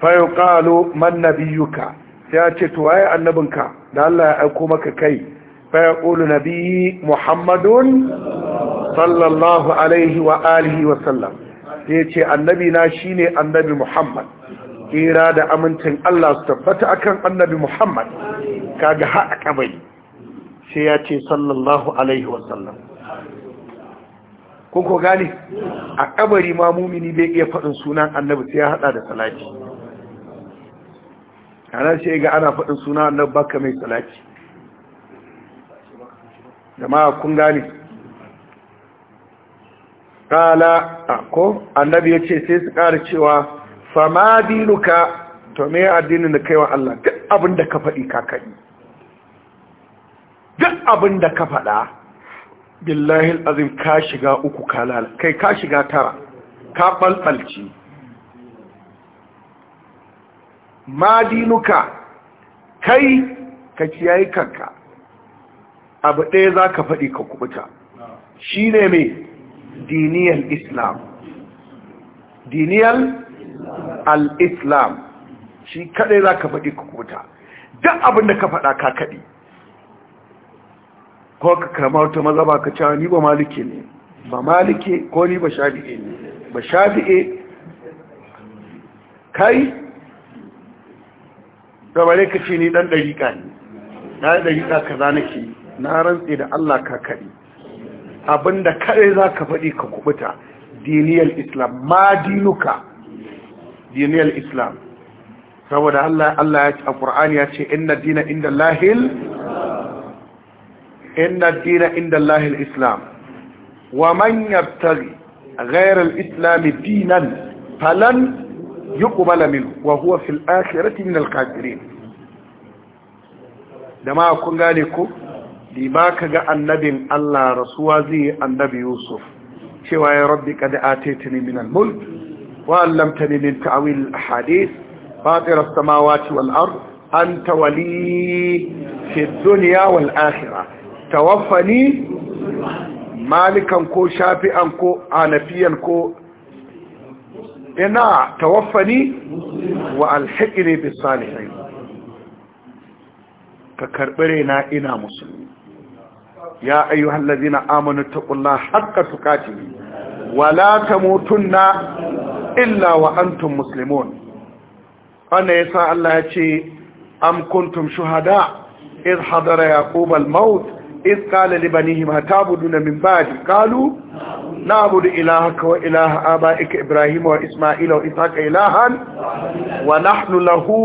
fa ya na biyu ka sai ya ce to ai annabinka da allah ya aiko maka kai faya ya na biyu muhammadun sallallahu alaihi wa alihi wa sallam sai ce annabi na shi ne annabi muhammad kira da amincin Allah su tabbata akan annabi Muhammad kaga ha a kabari sai ya ce sallallahu alaihi wasallam Ko ko gane a kabari ma mumini bai iya faɗin sunan annabi sai ya hada da salati ana sai ga ana faɗin sunan annabi baka mai salati jama'a kun gane kala ko annabi ya ce sai su ƙara cewa fama dinuka to me addinin da kaiwa Allah duk abin da ka faɗi ka duk abin da ka faɗa billahi azim ka shiga uku kalala kai ka shiga tara ka ɓalɓalci madinuka kai ka ciyayi kanka abu ɗaya za ka faɗi ka kubuta shi ne mai diniyar islam diniyar al-islam shi kaɗai za ka faɗi ka kubuta duk abinda ka faɗa ka kaɗi ko ka kama wata maza ba ka cewa ni ba maliki ne ba maliki ko ni ba shafi'e ne ba shafi'e kai bare ka ce ni dan dariƙa ne na yi dariƙa ka za nake na rantse da allah ka kaɗi abinda kare za ka faɗi ka kubuta diniyar islam ma dinuka diniyar islam saboda allah ya ce a ƙur'ani ya ce inna dina inda lahil inna dina inda Allahil Islam wa manyan yabtaghi ghayra al dinan falan yuqbal min wa huwa fil akhirati min al da ma kun gane ko di ba ka ga annabin Allah rasuwa zai annabi Yusuf cewa ya rabbi qad ne min al-mulk wa allah min ta'wil al-ahadith fatir as-samawati wal-ard anta wali fi dunya wal-akhirah tawaffani malikan ko shafi'an ko hanafiyan ko ina tawaffani wa alhaƙire bi salihai ka karɓi na ina musulmi ya ayyuhan lazina amanu taqulla haqqa tuqatihi Walata mutun na illa wa antum muslimun ana yasa Allah ya ce am shuhada idh hadara yaqub al-maut iz qala li banihim hatabuduna min ba'di qalu na'budu ilahaka wa ilaha aba'ika ibrahim wa isma'ila wa ishaqa ilahan wa nahnu lahu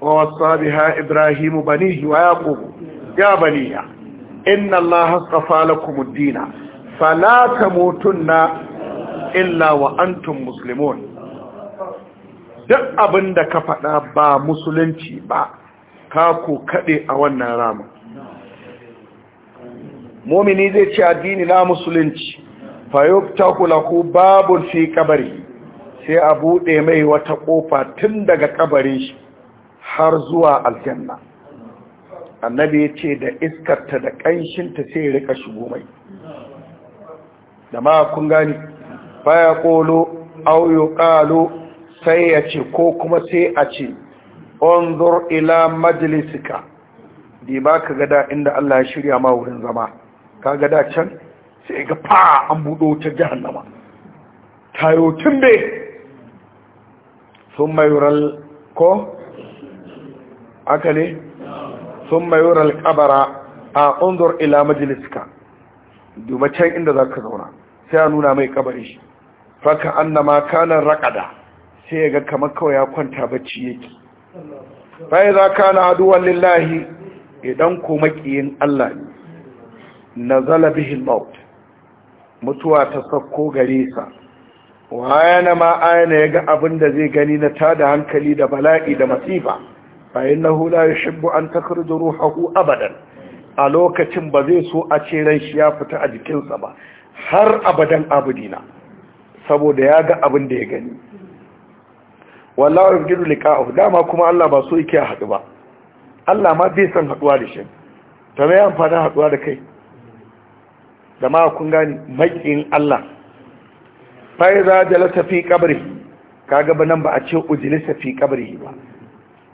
wa wasa biha ibrahim banihi wa yaqub ya baniya inna allaha astafa lakum ad-din fala illa duk abinda ka faɗa ba musulunci ba ka ko kaɗe a wannan ramin mumini zai ce addini na musulunci fayuktahu lahu babun fi kabari sai a buɗe mai wata ƙofa tun daga kabarin shi har zuwa aljanna annabi ya ce da iskarta da ƙanshinta sai rika shigo mai da ma kun gani baya ƙolo auyo ƙalo sai ya ce ko kuma sai a ce onzor ila majalisika di ba ka gada inda Allah ya shirya ma wurin zama kaga da can sai ga fa an buɗo ta jahannama tayo tumbe sun mayural ko aka ne sun mayural kabara a ƙundur ila majaliska duba can inda za ka zauna sai a nuna mai kabari faka annama kanan raƙada sai ya ga kamar kawai ya kwanta bacci yake bai za ka na aduwan lillahi idan ko maƙiyin Allah ne nazala bihi al-maut mutuwa ta sauko gare sa wayana ayana ma ayana yaga abin da zai gani na tada hankali da bala'i da masifa fa innahu la yuhibbu an takhruja ruhuhu abadan a lokacin ba zai so a ce ran shi ya fita a jikinsa ba har abadan abudina saboda ya ga abin da ya gani wallahu yabdilu liqa'ahu dama kuma Allah ba so yake haɗu ba Allah ma bai san haɗuwa da shi ta mai amfani haɗuwa da kai da ma kun gani maƙin Allah faiza jalasa fi kabri kaga ba nan ba a ce ujlisa fi kabri ba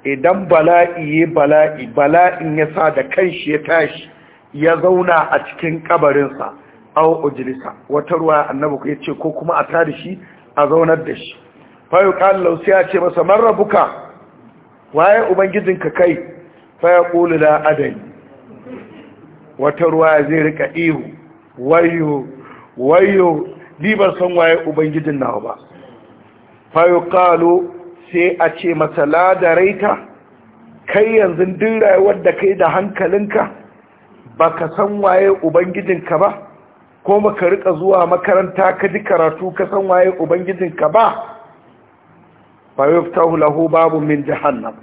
idan bala'i ya bala'i bala'in ya sa da kanshi ya tashi ya zauna a cikin kabarinsa au ujlisa wata ruwa annabi ya yace ko kuma a tare shi a zaunar da shi fa yuqal law sai ya ce masa man rabbuka waye ubangijinka kai fa yaqulu la adani wata ruwa zai rika ihu wayo wayo ni san waye ubangijin nawa ba fayuqalu sai a ce masa ladaraita kai yanzu din rayuwar da kai da hankalinka baka san waye ubangijinka ba ko baka rika zuwa makaranta ka ji karatu ka san waye ubangijinka ba fayuftahu lahu babu min jahannam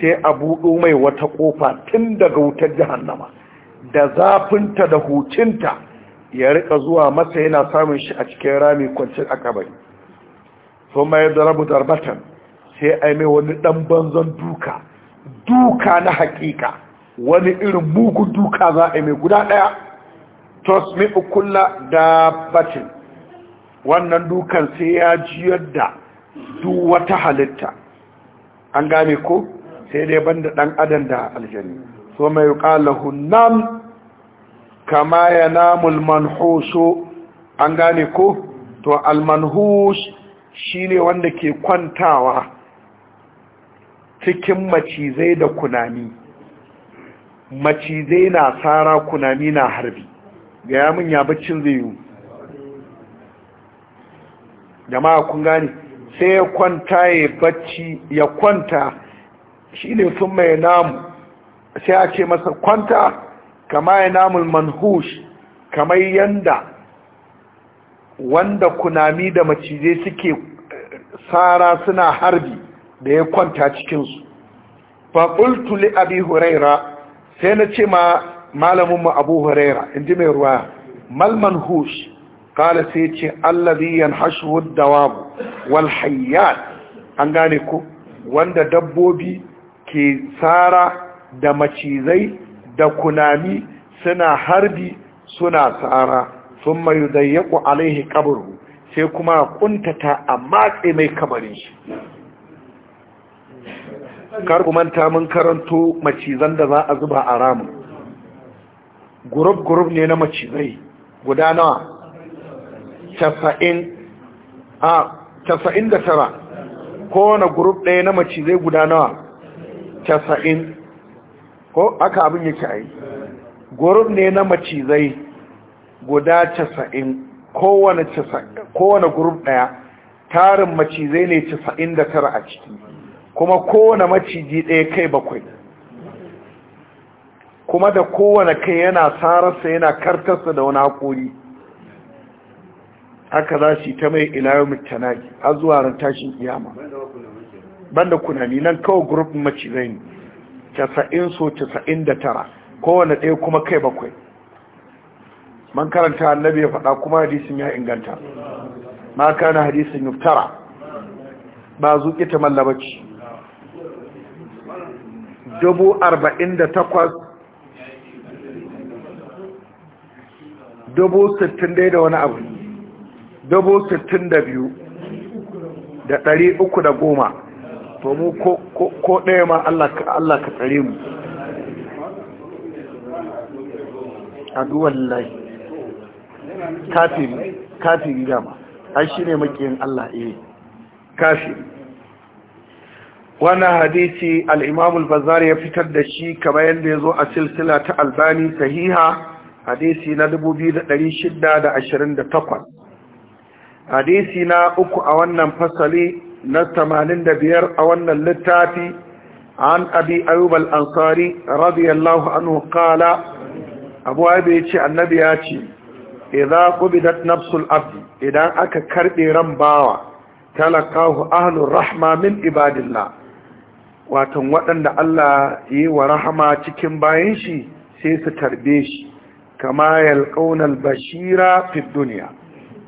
sai a buɗo mai wata ƙofa tun daga wutar jahannama da zafinta da hucinta ya rika zuwa masa yana samun shi a cikin rami kwanci a kabari sun mayar da rabu darbatan sai a mai wani dan banzan duka duka na hakika wani irin mugu duka za a mai guda daya tosmi'u kulla da batin wannan dukan sai ya jiyar da duk wata halitta an gane ko sai dai banda dan adam da aljani so mai yuqalahu nam kama ya namul manhusu an gane ko to almanhus shine wanda ke kwantawa cikin macizai da kunami macizai na tsara kunami na harbi ga yamin ya baccin zai yi jama'a kun gane sai ya kwanta ya bacci ya kwanta ne sun mai namu sai a ce masa kwanta kama ya namul manhush kamar yanda wanda kunami da macizai suke sara suna harbi da ya kwanta cikinsu faƙultu li abi huraira sai na ce ma malaminmu abu huraira in ji mai ruwa malman hush kala sai ce allazi yanhashu dawabu wal hayyan an gane ko wanda dabbobi ke tsara da macizai da kunami suna harbi suna tsara sun mai zayyaku alaihi kabaru sai kuma kuntata a matse mai kabarin shi karku manta mun karanto macizan da za a zuba a ramin gurub-gurub ne na macizai guda nawa casa'in da tara kowane gurub ɗaya na macizai guda nawa casa'in ko aka abin yake a yi gurin ne na macizai guda casa'in kowane gurin daya tarin macizai ne casa'in da tara a ciki kuma kowane maciji ɗaya kai bakwai kuma da kowane kai yana sararsa yana kartarsa da wani haƙori aka za shi ta mai ilayo mutanaki a zuwa ran tashin iyama banda kunami nan kawai gurin macizai ne casa'in so casa'in da tara kowane ɗaya kuma kai bakwai man karanta annabi ya faɗa kuma hadisin ya inganta ma kana hadisin yuftara ba zuƙi ta mallabaci dubu arba'in da takwas dubu sittin dai da wani abu dubu sittin da biyu da ɗari uku da goma to mu ko ɗaya ma Allah ka tsare mu aduwan lai Kafin kafiri dama ai shi ne makiyin Allah iya eh. kafiri wannan hadisi Al'imamul imam ya fitar da shi kamar yadda ya zo a silsila ta albani sahiha hadisi na 2628 hadisi na uku a wannan fasali na 85 a wannan littafi an abi ayyub al-ansari radiyallahu anhu qala abu abi yace annabi ya ce idza qubidat nafsul abdi idan aka karbe ran bawa talaqahu ahlur rahma min ibadillah watan waɗanda Allah yi wa rahama cikin bayan shi sai su tarbe shi kama yalƙaunar bashira fid dunya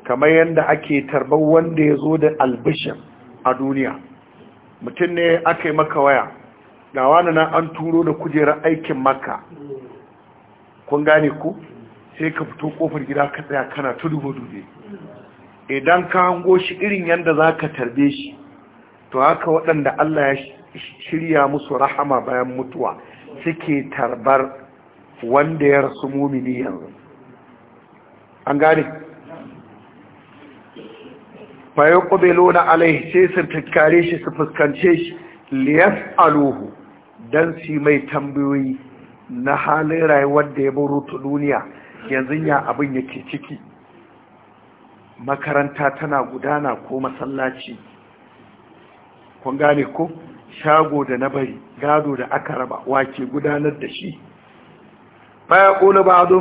kamar yadda ake tarbar wanda ya zo da albishin a duniya mutum ne aka yi maka waya ga wani na an turo da kujerar aikin maka kun gane ku sai ka fito kofar gida ka tsaya kana ta dube idan ka hango shi irin yadda za ka tarbe shi to haka waɗanda Allah ya shirya musu rahama bayan mutuwa suke tarbar wanda ya rasu mumini yanzu an gane fa yaqbiluna alaihi sai su tukkare shi su fuskance shi aluhu don su mai tambayoyi na halin rayuwar da ya buru ta duniya yanzu ya abin yake ciki makaranta tana gudana ko masallaci kun gane ko shago da na bari gado da aka raba wake gudanar da shi baya ƙuna ba a zo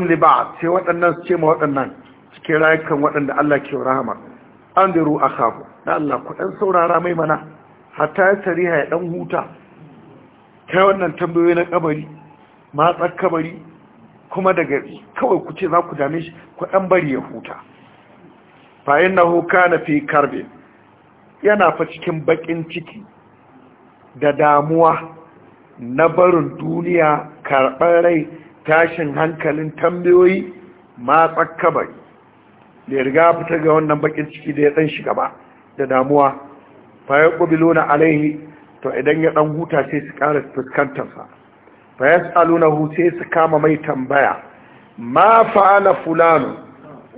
sai waɗannan su ce ma waɗannan cikin rayukan waɗanda Allah ke rahama an biru a da Allah ku saurara mai mana hatta ya sariha ya ɗan huta kai wannan tambayoyi na kabari matsar kabari kuma daga kawai ku ce za ku dame shi ku bari ya huta fa'in na huka fi karbe yana fa cikin baƙin ciki da damuwa na barin duniya karɓar rai tashin hankalin tambayoyi matsar kabari da ya riga fitar ga wannan bakin ciki da ya dan shiga ba da damuwa fa ya qabiluna alaihi to idan ya dan huta sai su ƙara fuskantar sa fa hu sai su kama mai tambaya ma fa'ala fulano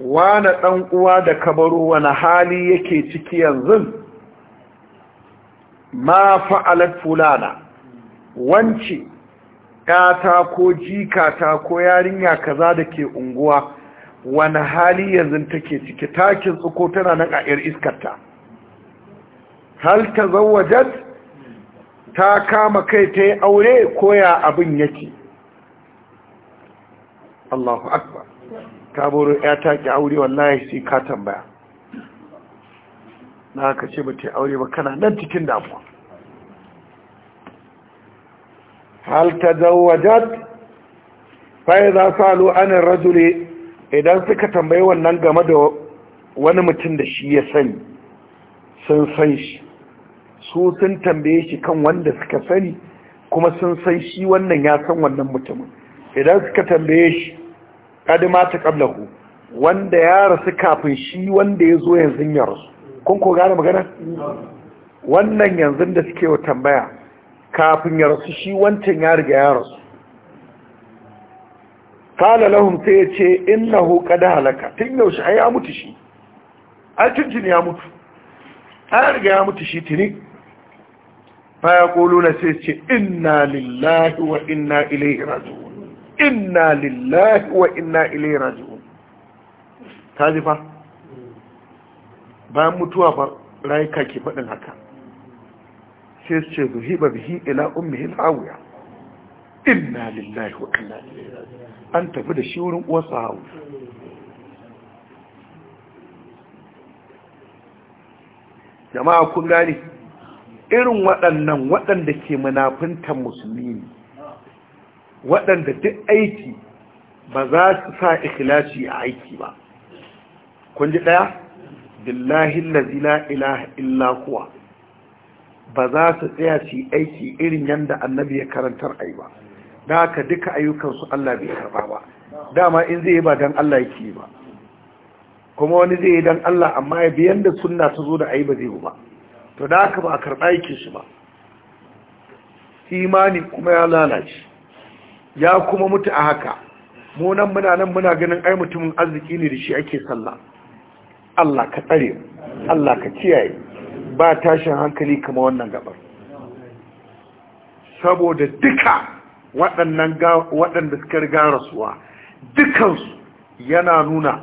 wani dan uwa da kabaro wani hali yake ciki yanzu ma fa'ala fulana wance ƴata ko jikata ko yarinya kaza da ke unguwa wani hali yanzu take ciki takin tsuko tana nan a yar iskarta hal ta zawajat ta kama kai ta yi aure ko ya abin yake Allahu akbar ta buru ya ki aure wallahi sai ka tambaya na ka ce ba ta aure ba kana nan cikin damuwa hal ta zawajat fa idza salu an rajuli idan suka tambayi wannan game da wani mutum da shi ya sani sun san shi su sun tambaye shi kan wanda suka sani kuma sun san shi wannan ya san wannan mutumin idan suka tambaye shi kadima ta ku. wanda ya rasu kafin shi wanda ya zo yanzu ya rasu kun ko gane magana wannan yanzu da suke wa tambaya kafin ya rasu shi wancan ya riga ya rasu kala lahum sai ya ce innahu qad halaka tun yaushe ai ya mutu shi ai cincin ya mutu ai riga ya mutu shi tuni fa yaquluna sai ce inna lillahi wa inna ilayhi raji'un inna lillahi wa inna ilayhi raji'un kaji fa bayan mutuwa ba rayuka ke faɗin haka sai su ce zuhiba bihi ila ummihi al-awiya inna lillahi wa inna ilayhi raji'un an tafi da shi wurin uwarsa hau jama'a kun gani irin waɗannan waɗanda ke munafintan musulmi ne waɗanda duk aiki ba za su sa ikhlasi a aiki ba kun ji ɗaya billahi lazi ilaha illa kuwa ba za su tsaya su aiki irin yadda annabi ya karantar ai ba da haka duka ayyukansu Allah bai karba ba dama in zai yi ba dan Allah yake ba kuma wani zai yi dan Allah amma ya biyan da sunna ta zo da ayi ba zai yi ba to da haka ba a karba yake shi ba imani kuma ya lalace ya kuma mutu a haka mu nan muna nan muna ganin ai mutumin arziki ne da shi ake sallah Allah ka tsare Allah ka kiyaye ba tashin hankali kamar wannan gabar saboda duka waɗanda suka riga rasuwa dukansu yana nuna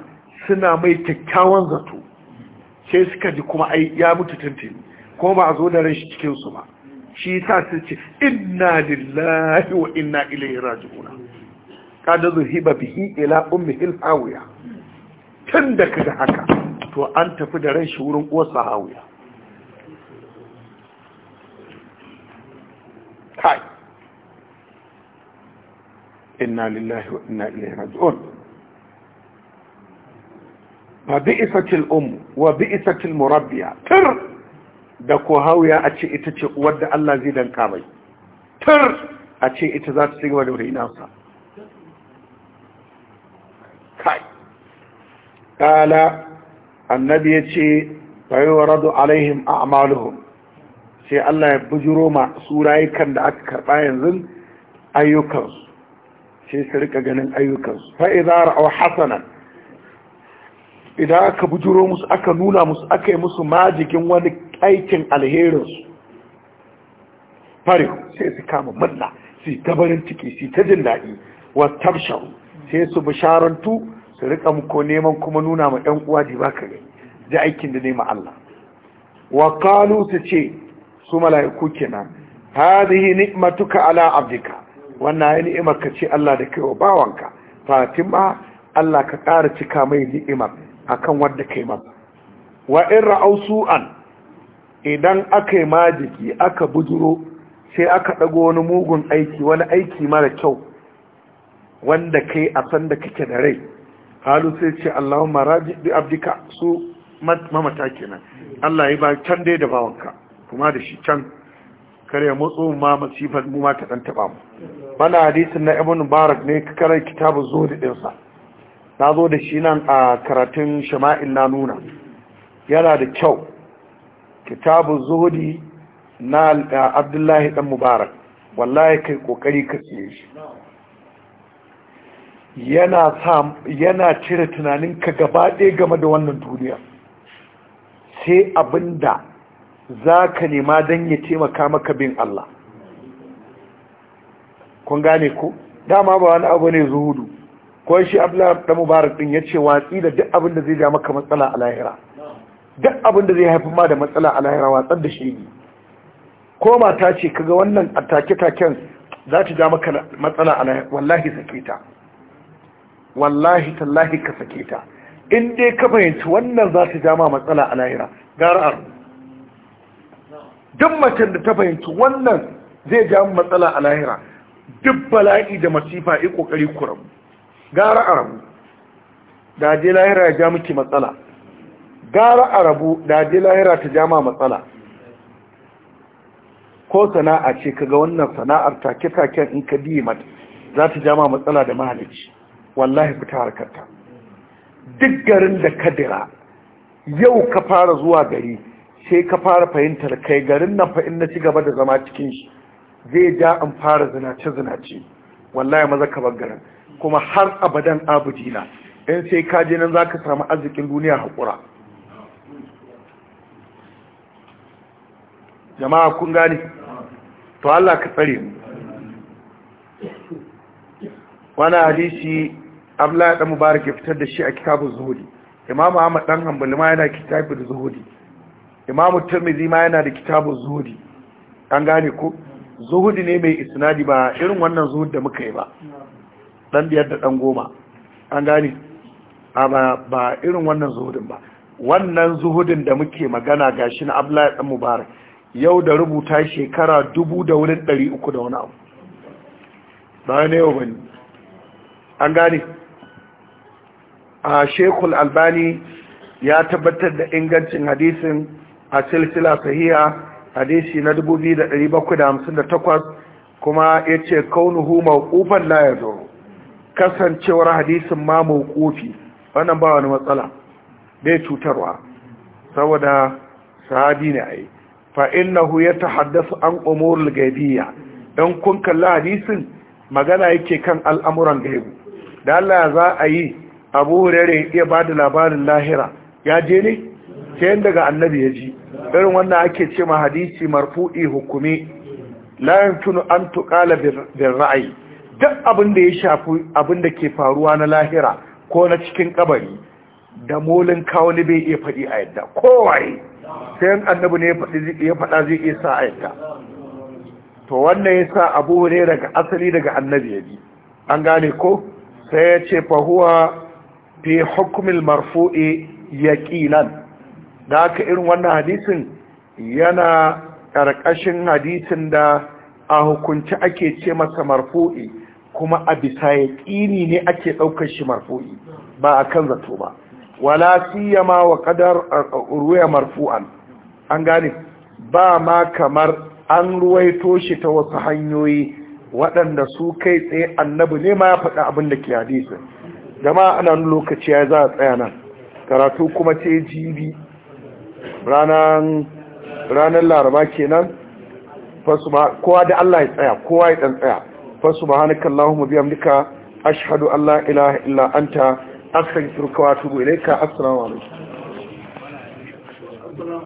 suna mai kyakkyawan zato sai suka ji kuma ya mutu tuntuni ko ba a zo da ran shi cikinsu ba shi sa su ce inna lillahi wa inna ilaihi raji'una kada zuhiba bihi ila ummi hawiya tun da kaga haka to an tafi da ran shi wurin a hawiya inna lillahi wa inna ilaihi raji'un fa bi'isatil um wa bi'isatil da ko hauya a ce ita ce uwar Allah zai danka mai tir a ce ita za ta ci gaba da rainansa kai kala annabi ya ce bayo radu alaihim a'maluhum sai Allah ya bujiro ma su rayukan da aka karɓa yanzu ayyukansu sai su rika ganin ayyukansu fa'iza ra'au hasanan idan aka bujuro musu aka nuna musu aka yi musu majikin wani aikin alherinsu farihu sai su kama murna su tabarin ciki su ta jin daɗi wa tabsharu sai su bisharantu su rika muku neman kuma nuna ma ɗan uwa ji baka gani ji aikin da nema Allah wa kalu su ce su mala'iku kenan hadhihi ni'matuka ala abdika wannan ya ni'imar ka ce Allah da kai wa bawanka fatima Allah ka ƙara cika mai ni'imar akan wanda kai masa wa in ra'au su'an idan aka yi majiki aka bujuro sai aka ɗago wani mugun aiki wani aiki mara kyau wanda kai a sanda kake da rai halu sai ce ma raji bi abdika su mamata kenan Allah ya ba can dai da bawanka kuma da shi can kare motsu ma masifar mu ma ta dan taba mu wannan hadisin na ibn mubarak ne karar kitabu zuhudi ɗinsa na zo da shi nan a karatun shama'il na nuna yana da kyau kitabu zuhudi na abdullahi dan mubarak wallahi kai kokari ka tsaye shi yana cire tunanin ka gaba ɗaya game da wannan duniya sai abinda za ka nema don ya taimaka maka bin Allah kun gane ko dama ba wani abu ne zuhudu ko shi abdullahi dan mubarak din yace watsi da duk abin da zai ja maka matsala a lahira duk abin da zai haifar ma da matsala a lahira watsar da shi ne ko mata ce kaga wannan atake taken za ta ja maka matsala a lahira wallahi sake ta wallahi tallahi ka sake ta in dai ka fahimci wannan za ta ja ma matsala a lahira gara duk macen da ta fahimci wannan zai ja matsala a lahira duk bala'i da masifa yi kokari kuramu gara a rabu da je lahira ya ja miki matsala gara a rabu da je lahira ta ja ma matsala ko sana'a ce kaga wannan sana'ar take-taken in ka biye mata za ta ja ma matsala da mahalici wallahi fita harkarta duk garin da ka dira, yau ka fara zuwa gari sai ka fara fahimtar kai garin nan fa'in na ci gaba da zama cikin shi zai ja an fara zinace-zinace wallahi maza ka bangaren kuma har abadan abudina in sai ka je nan za ka samu arzikin duniya haƙura jama'a kun gane to Allah ka tsare mu wani hadisi abdullahi Ɗan mubarak ya fitar da shi a kitabun zuhudi imam ahmad dan hanbali ma yana kitabun zuhudi imam tirmidhi ma yana da kitabun zuhudi an gane ko zuhudi ne mai isnadi ba irin wannan zuhud da muka yi ba dan biyar da dan goma an gani ba irin wannan zuhudin ba wannan zuhudin da muke magana gashi na abdullahi dan mubarak yau da rubuta shekara dubu da wurin ɗari uku da wani abu ba ne yau bane an gane a shekul albani ya tabbatar da ingancin hadisin a silsila sahiha hadisi na 2758 kuma ya ce kaunuhu maukufan la zoro? kasancewar hadisin ma mawqufi wannan ba wani matsala bai cutarwa saboda sahabi ne yi. fa ya tahaddasa an umarul gaibiya dan kun kalla hadisin magana yake kan al'amuran gaibu da Allah za a yi abu hurere iya ba da labarin lahira ya je ne ke daga annabi ya ji irin wannan ake ce ma hadisi marfu'i hukumi la tunu an tuqala bin ra'ayi duk abin da ya shafi abin da ke faruwa na lahira ko na cikin kabari da molin kawo ne bai iya faɗi a yadda Kowai sai yan ne ya faɗa zai iya sa a yadda to wannan ya sa abu ne daga asali daga annabi ya bi an gane ko sai ya ce fahuwa fi hukumin marfu'i yaƙinan da haka irin wannan hadisin yana ƙarƙashin hadisin da a hukunci ake ce masa marfu'i kuma a bisa ya yaƙini ne ake ɗaukar shi marfu'i ba a kan zato ba wala ma wa ƙadar uh, ruwaya marfu'an an gane ba ma kamar an ruwaito shi ta wasu hanyoyi waɗanda su kai tsaye annabi ne ma ya faɗi abin da ke hadisi a anan lokaci ya za a tsaya nan karatu kuma ce jibi ranar laraba kenan kowa da Allah ya tsaya kowa ya ɗan tsaya fasu ba hannukan lahunmu biyan duka ashadu Allah ilaha illa anta aksan turkawa tubu ilaika assalamu alaikum